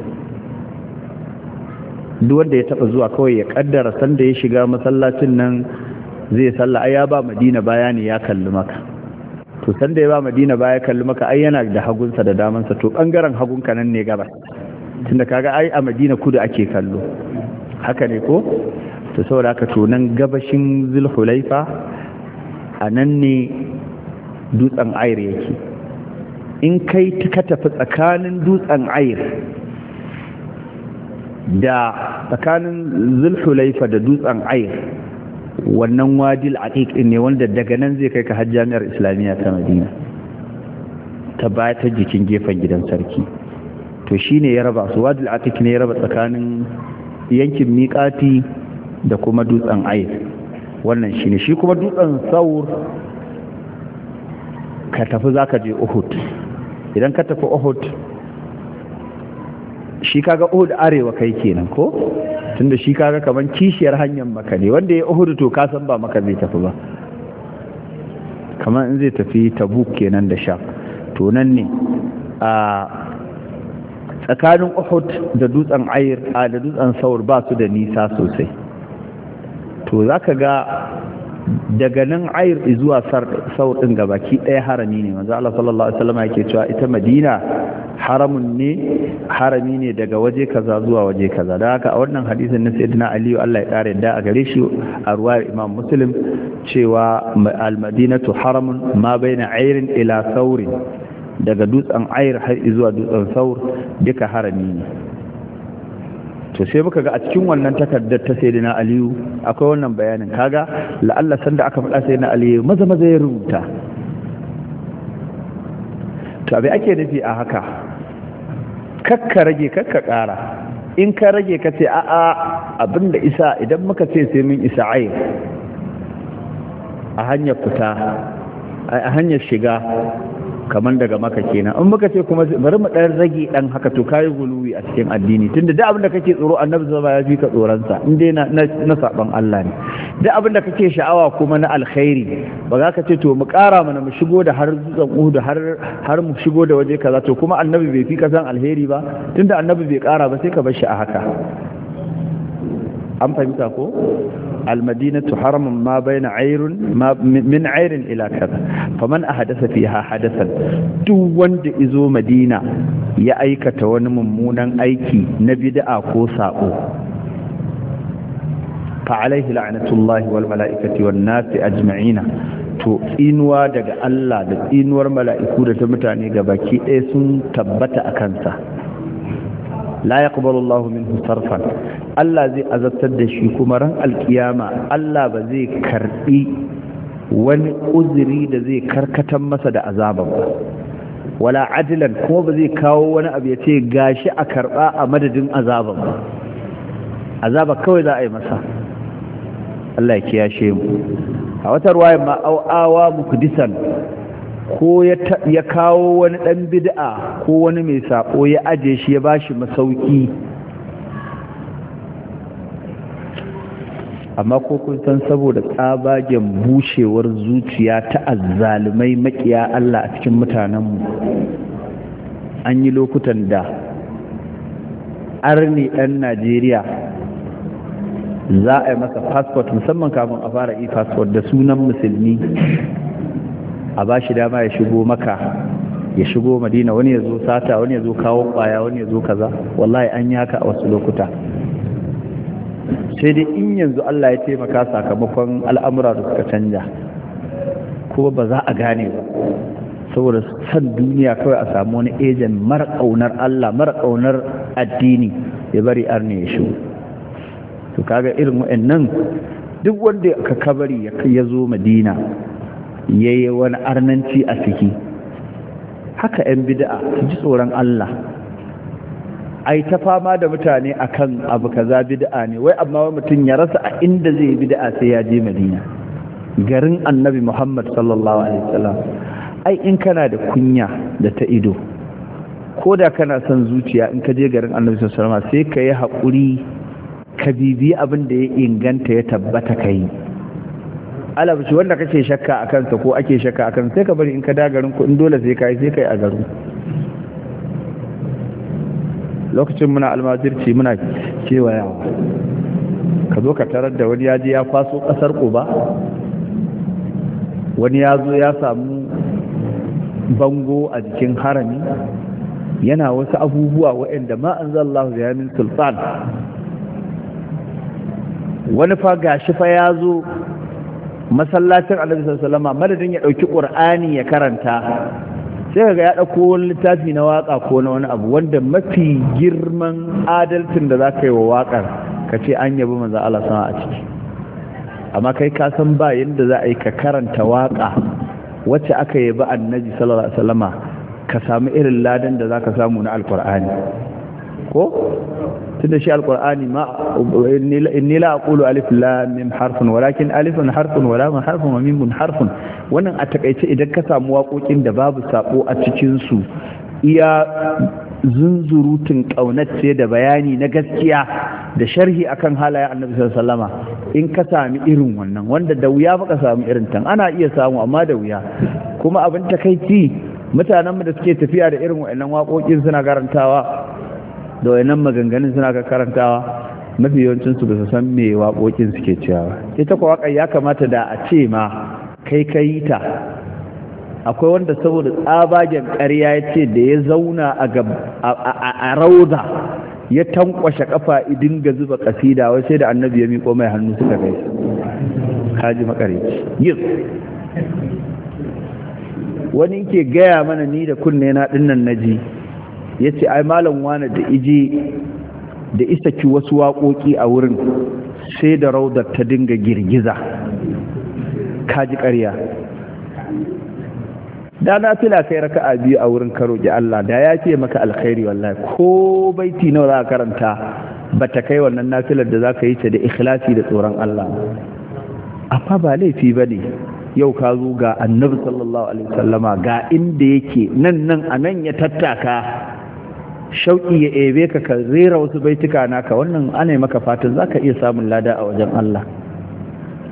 duk wanda ya taba zuwa kawai ya kaddara sanda ya shiga masallacin nan zai salla ai ya ba madina bayani ya kalli maka to sanda ya ba madina baya kalli maka ai yana da hagunsa da damansa to bangaren hagunka nan ne gabas tunda kaga ai a madina kudu ake kallo haka ne ko to saboda haka to nan gabashin zulhulaifa a nan ne dutsen ayir yake in kai ka tafi tsakanin dutsen ayir da tsakanin zulhulaifa da dutsen ayir wannan wadil aqiq ne wanda daga nan zai kai ka har jami'ar islamiyya ta madina ta baya ta jikin gefen gidan sarki to shi ne ya raba su wadil aqiq ne ya raba tsakanin yankin miƙati da kuma dutsen ayir wannan shi ne shi kuma dutsen saur ka tafi za ka je uhud idan ka tafi uhud shi kaga uhud arewa kai kenan ko tunda shi kaga kamar kishiyar hanyar maka ne wanda ya uhud to ka san ba maka zai tafi ba kamar in zai tafi tabuk kenan da sha to nan ne a tsakanin uhud da dutsen ayir a da dutsen saur ba su da nisa sosai to za ka ga daga nan ayir zuwa saur ɗin baki ɗaya harami ne manzo Allah sallallahu alaihi wasallam yake cewa ita Madina haramun ne harami ne daga waje kaza zuwa waje kaza da haka a wannan hadisin na sayyidina Aliyu Allah ya kare da a gare shi a ruwayar Imam Muslim cewa al-Madinatu haramun ma baina ayrin ila saurin daga dutsen ayir har zuwa dutsen saur duka harami ne to sai muka ga a cikin wannan takardar ta sai na aliyu akwai wannan bayanin kaga la'alla sanda aka faɗa sai na aliyu maza maza ya rubuta to abin ake nufi a haka kakka rage kakka ƙara in ka rage ka ce a'a abinda isa idan muka ce sai mun isa ai a hanyar fita a hanyar shiga kamar daga maka kenan in muka ce kuma bari mu dan rage dan haka to kai guluwi a cikin addini tunda duk abin da kake tsoro annabi ba ya fi ka tsoron sa in dai na na saban Allah ne duk abin da kake sha'awa kuma na alkhairi ba za ka ce to mu kara mana mu shigo da har zan da har har mu shigo da waje kaza to kuma annabi bai fi ka san alheri ba tunda annabi bai kara ba sai ka bar shi a haka an fahimta ko المدينة حرم ما بين عير ما من عير إلى كذا فمن أحدث فيها حدثا duk wanda izo madina ya aikata wani mummunan aiki na bid'a ko sako fa alaihi la'natullahi wal mala'ikati wan nasi ajma'ina to tsinuwa daga Allah da tsinuwar mala'iku da ta mutane ga baki ɗaya sun tabbata a kansa la yaqbalu Allah minhu sarfan Allah zai azabtar da shi kuma ran alkiyama Allah ba zai karɓi wani uzuri da zai karkatar masa da azaban ba wala adilan kuma ba zai kawo wani abu ya ce gashi a karɓa a madadin azaban ba azaba kawai za a yi masa Allah ya kiyashe mu a wata ruwayar ma awawa ko ya kawo wani ɗan bid'a ko wani mai saƙo ya aje shi ya bashi masauki amma ko kun san saboda tsabagen bushewar zuciya ta azzalumai makiya Allah a cikin mutanenmu an yi lokutan da arni ɗan Najeriya za a yi masa fasfot musamman kafin a fara yi fasfot da sunan musulmi a ba shi dama ya shigo maka ya shigo madina wani ya zo sata wani ya zo kawo kwaya wani ya zo kaza wallahi an yi a wasu lokuta sai dai in yanzu Allah ya taimaka sakamakon al'amura da suka canja kuma ba za a gane ba saboda san duniya kawai a samu wani ejen mara ƙaunar Allah mara kaunar addini ya bari arne ya shigo to kaga irin wa'annan duk wanda ka kabari ya zo madina yayi wani arnanci a ciki haka 'yan bid'a ji tsoron Allah ai ta fama da mutane akan abu kaza bid'a ne wai amma mutum ya rasa a inda zai bid'a sai ya je Madina garin Annabi Muhammad sallallahu alaihi wasallam ai in kana da kunya da ta ido ko da kana son zuciya in ka je garin Annabi sallallahu alaihi wasallam sai ka yi haƙuri ka bibi abin da ya inganta ya tabbata kai alabci wanda kake shakka a kansa ko ake shakka a kansa sai ka bari in ka dagarin ku in dole sai kai sai kai a garin lokacin muna almajirci muna kewayawa ka zo ka tarar da wani ya je ya faso kasar ba wani ya zo ya samu bango a jikin harami yana wasu abubuwa waɗanda ma an Allah da yamin sultan wani fa gashi fa ya zo masallacin annabi sallama madadin ya ɗauki ƙur'ani ya karanta sai ga ya dauko wani littafi na waka ko na wani abu wanda mafi girman adalcin da zaka yi wa wakar ka ce an yabi manzo Allah sama a ciki amma kai ka san ba yanda za a yi ka karanta waƙa wacce aka yabi annabi sallallahu alaihi ka samu irin ladan da zaka samu na alƙur'ani ko da shi alkurani ma inni la aqulu alif mim harfun walakin alifun harfun wa harfun wa mimun harfun wannan a takaice idan ka samu waƙoƙin da babu sabo a cikin su iya zunzurutun ce da bayani na gaskiya da sharhi akan halaye annabi sallama in ka sami irin wannan wanda da wuya baka samu irin tan ana iya samu amma da wuya kuma abin takaici mutanenmu da suke tafiya da irin wa'annan waƙoƙin suna garantawa da wayannan maganganun suna ka karantawa mafi yawancin su ba su san me waƙoƙin suke cewa ita kuwa waƙar ya kamata da a ce ma kai kai ta akwai wanda saboda tsabagen ƙarya ya ce da ya zauna a rauda ya tankwashe kafa idin ga zuba kasida wai sai da annabi ya miƙo mai hannu suka kai kaji makarici yin wani ke gaya mana ni da kunne na dinnan naji ya ce ai malam wani da ije da isaki wasu waƙoƙi a wurin sai da raudar ta dinga girgiza kaji ƙarya da na kai raka a biyu a wurin karo ji Allah da ya ce maka alkhairi wallahi ko baiti nawa za karanta ba ta kai wannan nafilar da za ka yi ta da ikhlasi da tsoron Allah amma ba laifi ba ne yau ka zo ga annabi sallallahu alaihi wasallama ga inda yake nan nan a nan ya tattaka shauƙi ya ebe ka ka rera wasu baituka naka wannan ana maka fatan za ka iya samun lada a wajen Allah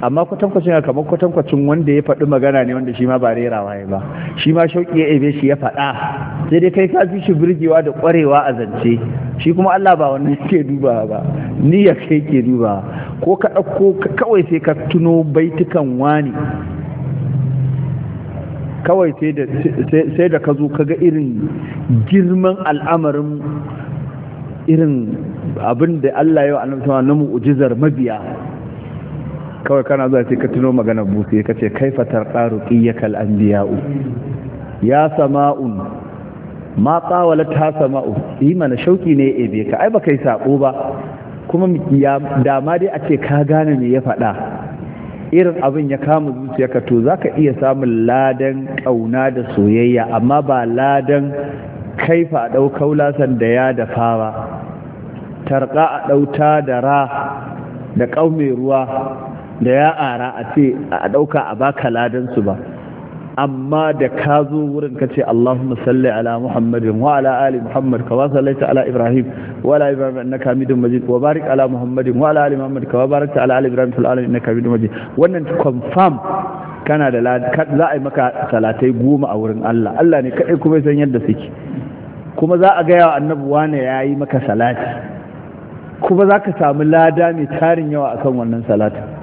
amma kwatankwacin ya kamar kwatankwacin wanda ya faɗi magana ne wanda shi ma ba rera waye ba shi ma shauƙi ya ebe shi ya faɗa sai dai kai ka fi shi birgewa da ƙwarewa a zance shi kuma Allah ba wannan ke duba ba niyya kai ke duba ko ka ɗauko kawai sai ka tuno baitukan wani kawai sai da ka zo kaga irin girman al'amarin irin abin da Allah yau a sama na mu'ujizar mabiya kawai kana zuwa sai ka tuno magana busa ka ce kaifa tarqaru qiyakal anbiya'u ya sama'un ma tsawala ta sama'u mana shauki ne ya ebe ka ai baka yi sako ba kuma ya dama dai a ce ka gane me ya faɗa irin abin ya kama zuciyarka to za ka iya samun ladan ƙauna da soyayya amma ba ladan kaifa a ɗau kaulasan da ya dafa ba tarƙa a ɗauta da ra da ƙaume ruwa da ya ara a ce a ɗauka a baka ladan su ba amma da ka zo wurin ka ce Allahumma salli ala Muhammadin wa ala ali Muhammad kama sallaita ala Ibrahim wa ala Ibrahim innaka Hamidum Majid wa barik ala Muhammadin wa ala ali Muhammad kama barakta ala ali Ibrahim fil alamin innaka Hamidum Majid wannan confirm kana da za a yi maka salatai goma a wurin Allah Allah ne kadai kuma san yadda suke kuma za a ga yawa annabi wane yi maka salati kuma za ka samu lada mai tarin yawa akan wannan salatin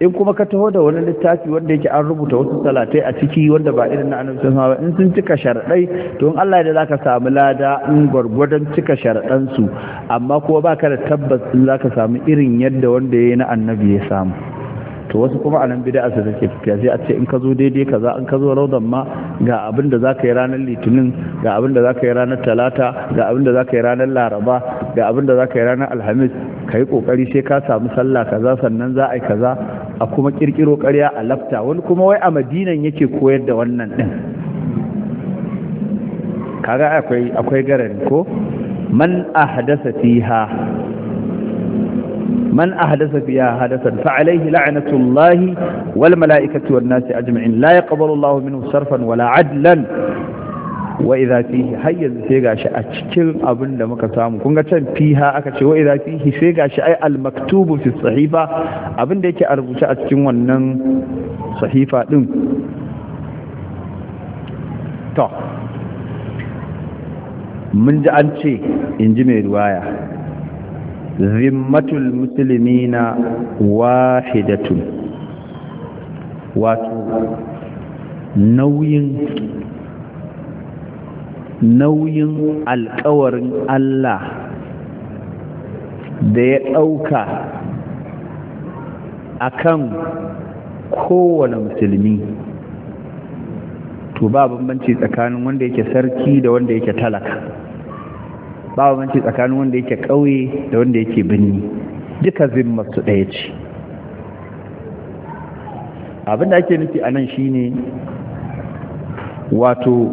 in kuma ka taho da wani littafi wanda yake an rubuta wasu salatai a ciki wanda ba irin na annabi sallallahu alaihi in sun cika sharadai to in Allah ya ka samu lada in gurgurdan cika sharadan su amma kuma baka da tabbas in zaka samu irin yadda wanda yayi na annabi ya samu to wasu kuma nan bid'a su take tafiya sai a ce in ka zo daidai kaza in ka zo raudan ma ga abin da zaka yi ranar litinin ga abin da zaka yi ranar talata ga abin da zaka yi ranar laraba ga abin da zaka yi ranar alhamis ka yi ƙoƙari sai ka samu sallah kaza sannan za a yi kaza a kuma ƙirƙiro ƙarya a lafta wani kuma wai a madinan yake koyar da wannan ɗin kaga akwai akwai ko man ahdasa fiha man ahdasa fiha hadasan fa alaihi la'natullahi wal mala'ikati wan nasi ajma'in la yaqbalu Allahu minhu sarfan wala adlan wa idza fihi har yanzu sai gashi a cikin abin da muka samu kun ga can fiha aka ce wa idza fihi sai gashi ai al maktubu fi sahifa abin da yake a rubuce a cikin wannan sahifa din to mun ji an ce in ji mai ruwaya zimmatul musulmina wahidatun wato nauyin nauyin alkawarin Allah da ya ɗauka a kan kowane musulmi to ba bambanci tsakanin wanda yake sarki da wanda yake talaka ba bambanci tsakanin wanda yake ƙauye da wanda yake birni duka zimmarsu ɗaya ce abinda ake nufi a nan shine wato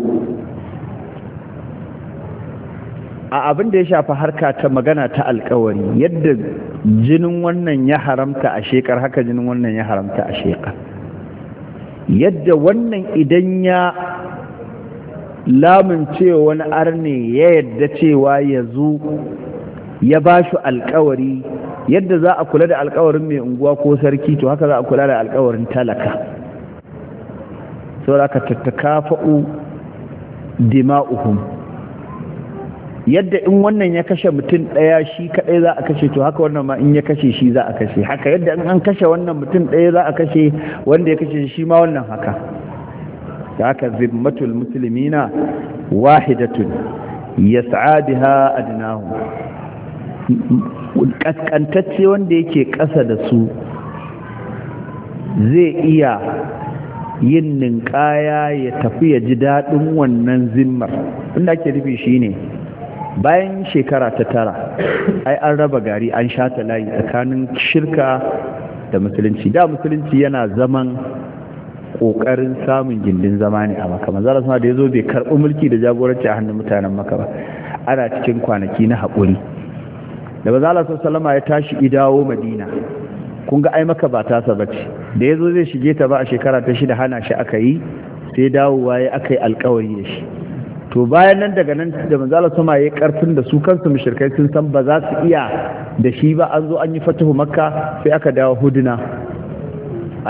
a abin da ya shafi harka ta magana ta alkawari yadda jinin wannan ya haramta a shekar haka jinin wannan ya haramta a shekar yadda wannan idan ya lamun cewa wani arne ya yadda cewa ya zo ya ba shi alkawari yadda za a kula da alkawarin mai unguwa ko sarki to haka za a kula da alkawarin talaka saboda ka tattaka fa'u dima'uhum yadda in wannan ya kashe mutum ɗaya shi kaɗai za a kashe to haka wannan ma in ya kashe shi za a kashe haka yadda in an kashe wannan mutum ɗaya za a kashe wanda ya kashe shi ma wannan haka da haka zimmatul musulmina wahidatun yas'a biha adnahu ƙasƙantacce wanda yake ƙasa da su zai iya yin ninkaya ya tafi ya ji daɗin wannan zimmar inda ake rufe shi ne bayan shekara ta tara ai an raba gari an shata layi tsakanin shirka da musulunci da musulunci yana zaman kokarin samun gindin zama ne a maka manzara sama da ya zo bai karɓi mulki da jagoranci a hannun mutanen maka ba ana cikin kwanaki na haƙuri da manzara sun salama ya tashi idawo madina kun ga ai maka ba tasa ba da ya zo zai shige ta ba a shekara ta shida hana shi aka yi sai dawowa ya aka yi alkawari da shi to bayan nan daga nan da manzala sama ya karfin da su kansu mushrikai sun san ba za su iya da shi ba an zo an yi fatahu makka sai aka dawo hudna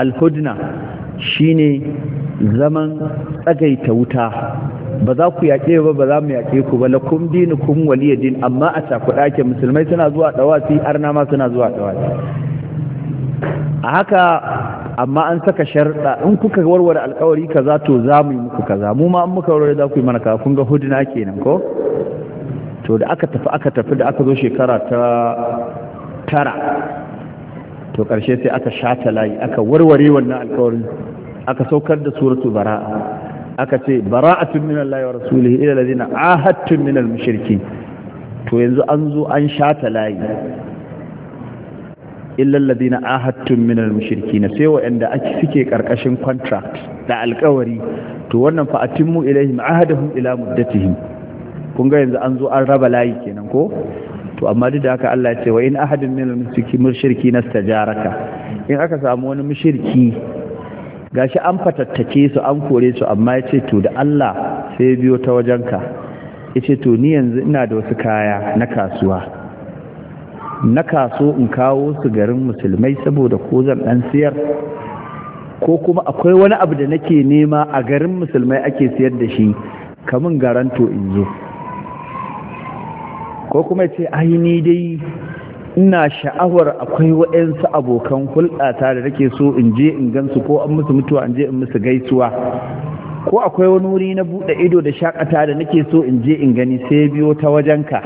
al-hudna shine zaman tsagaita wuta ba za ku yaƙe ba ba za mu yaƙe ku ba lakum dinukum waliyadin amma a cakuɗa musulmai suna zuwa dawasi arna ma suna zuwa dawasi a haka amma an saka sharɗa in kuka warware alkawari kaza to za mu yi muku kaza mu ma an muka warware za ku yi mana kaza kun ga huduna kenan ko to da aka tafi aka tafi da aka zo shekara ta tara to ƙarshe sai aka shata layi aka warware wannan alkawarin aka saukar da suratu bara'a aka ce bara'atun min Allah wa rasulihi ila ladina ahadtum min al-mushrikin to yanzu an zo an shata layi illal ladina ahadtum minal na sai wa'anda ake suke karkashin contract da alƙawari to wannan fa atimmu ilaihim ahadahum ila muddatihim kun ga yanzu an zo an raba layi kenan ko to amma duk da haka Allah ya ce wa in ahadun minal mushrikin nastajaraka in aka samu wani mushriki gashi an fatattake su an kore su amma ya ce to da Allah sai biyo ta wajenka ya ce to ni yanzu ina da wasu kaya na kasuwa na kaso in kawo su garin musulmai saboda ko zan dan siyar ko kuma akwai wani abu da nake nema a garin musulmai ake siyar da shi kamun garanto in zo ko kuma ce aini ni dai ina sha'awar akwai waɗansu abokan hulɗata da nake so in je in su ko an musu mutuwa in je in musu gaisuwa ko akwai wani wuri na buɗe ido da shakata da nake so in je in gani sai biyo ta wajenka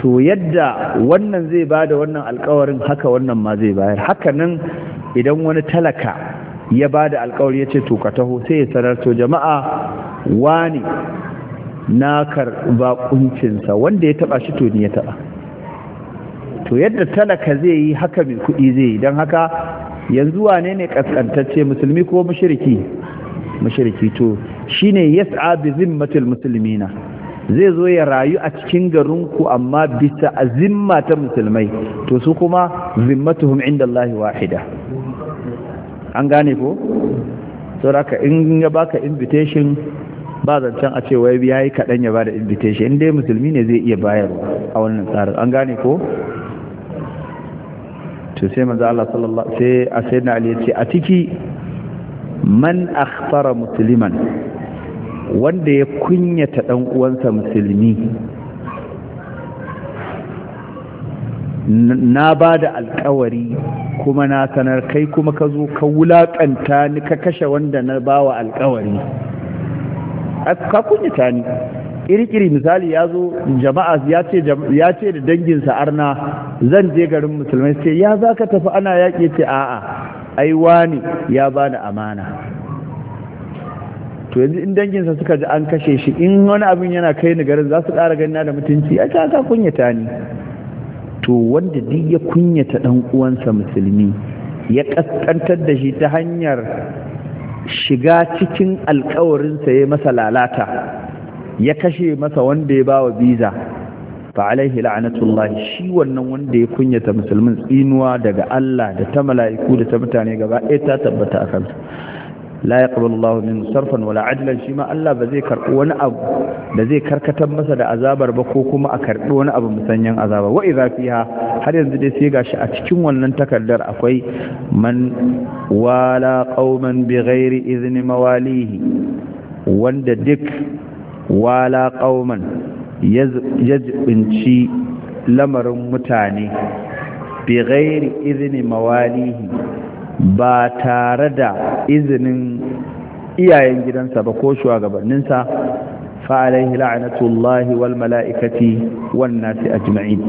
to yadda wannan zai ba da wannan alkawarin haka wannan ma zai bayar haka nan idan wani talaka ya ba da alkawari ya ce to ka taho sai ya sanar to jama'a wani na karba kuncinsa wanda ya taba shi to ni ya taɓa to yadda talaka zai yi haka mai kuɗi zai yi don haka yanzu wane ne kaskantacce musulmi ko mushriki mushriki to shine yas'a bi zimmatul muslimina zai zo ya rayu a cikin garinku amma bisa azimma ta musulmai to su kuma zimmatuhum inda Allah wahida an gane ko? sauraka in ya baka invitation ba zancen a cewa ya yi kaɗan ya ba da invitation inda musulmi ne zai iya bayar. a wannan tsarin an gane ko? to sai maza Allah sallallahu sai a sai na ce a ciki man akhtara musulman wanda ya kunyata ɗan uwansa musulmi na ba da alkawari kuma na sanar kai kuma ka zo ka wulaƙanta ni ka kashe wanda na ba wa alkawari ka kunyata ni kirkiri misali ya zo jama'a ya ce da danginsa arna zan je garin musulmai sai ya za ka tafi ana yaƙi ce a'a aiwa ne ya bani amana to yanzu in danginsa suka ji an kashe shi in wani abin yana kai ni garin za su ƙara ganina da mutunci a ta ka kunyata ni to wanda duk ya kunyata dan uwansa musulmi ya ƙasƙantar da shi ta hanyar shiga cikin alkawarinsa ya masa lalata ya kashe masa wanda ya bawa biza fa alaihi la'anatullahi shi wannan wanda ya kunyata musulmin tsinuwa daga Allah da ta mala'iku da ta mutane gaba ɗaya ta tabbata a la yaqbalu Allahu min sarfan wala adilan shi ma Allah ba zai karɓi wani abu da zai karkatar masa da azabar ba ko kuma a karɓi wani abu musanyan azaba wa idza fiha har yanzu dai sai gashi a cikin wannan takardar akwai man wala qauman ghairi izni mawalihi wanda duk wala qauman yajbinci lamarin mutane ghairi izni mawalihi ba tare da izinin iyayen gidansa ba ko shugabanninsa alaihi la'anatullahi wal mala'ikati wan nasi ajma'in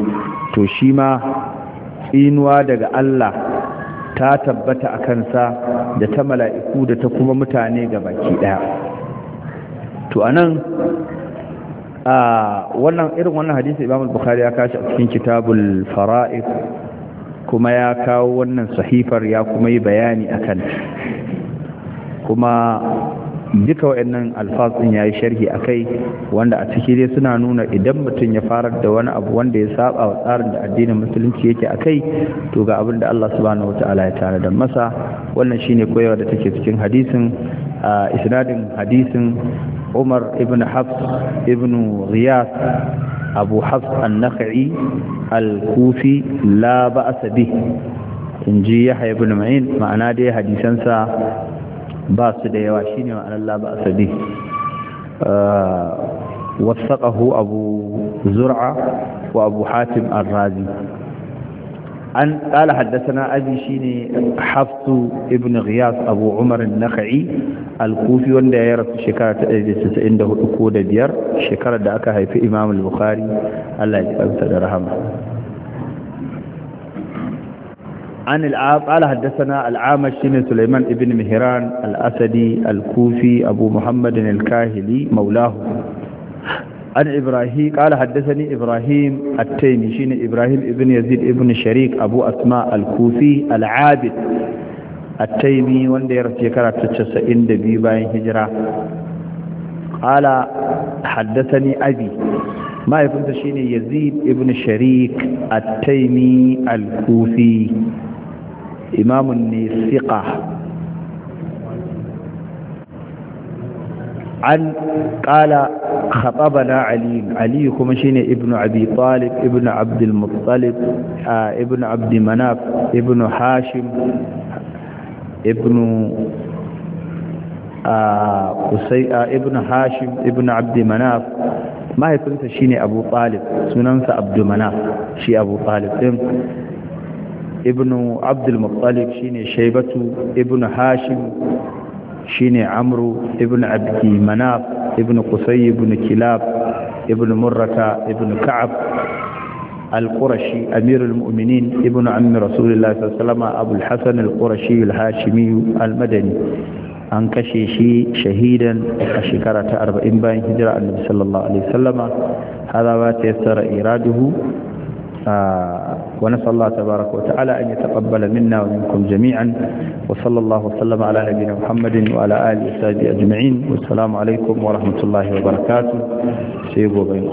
to shi ma inuwa daga Allah ta tabbata a kansa da ta mala'iku da ta kuma mutane ga baki ɗaya to anan a wannan irin wannan hadisi imam bukhari ya kashi a cikin kitabul fara'id kuma ya kawo wannan sahifar ya kuma yi bayani a kan kuma duka wa'annan alfasun ya yi sharhi a kai wanda a ciki dai suna nuna idan mutum ya farar da wani abu wanda ya saba wa tsarin da addinin musulunci yake a kai to ga abin da Allah subhanahu wata'ala ya tare da masa wannan shine koyarwa da take cikin hadisin isnadin hadisin umar ibn hafs ibn riyas abu hafs an-nakh'i al-kufi la ba'sa bih yahya ibn ma'in ma'ana dai hadisansa ba da yawa shine ma'anar la ba'sa bih uh, wasaqahu abu zur'a wa abu hatim ar an qala haddathana shi ne hafsu ibn ghiyas abu umar an al-kufi wanda ya rasu shekara ta 1994 ko da biyar shekarar da aka haifi imam al-bukhari Allah ya kansa da rahama an haddasa عن العاب قال حدثنا العامش بن سليمان ابن مهران الأسدي الكوفي أبو محمد الكاهلي maulahu. an ibrahim qala ibrahim at-taymi shine ibrahim ibn yazid ibn sharik abu asma al-kufi al-abid at-taymi wanda ya rasu shekara ta 92 bayan hijira qala haddathani abi mahaifinsa shine yazid ibn sharik at-taymi al-kufi imamun ne an qala khatabana ali ali kuma shine ibnu abi talib ibnu abdul muttalib ibnu abd manaf ibnu hashim ibnu qusay ibnu hashim ibnu abd manaf mahaifinsa shine abu talib sunansa abd manaf shi abu talib din ibnu abd al-muttalib shine shaybatu ibnu hashim shine amru ibn abdi manaf ibn qusay ibn kilab ibn murrata ibn ka'ab القرشي أمير المؤمنين ابن عم رسول الله صلى الله عليه وسلم أبو an kashe shi shahidan a shekara ta arba'in bayan hijira annabi sallallahu alaihi wasallama hada ba ta yassara iraduhu ونسأل الله تبارك وتعالى أن يتقبل منا ومنكم جميعا وصلى الله وسلم على نبينا محمد وعلى آله وصحبه أجمعين والسلام عليكم ورحمة الله وبركاته سيبوا بين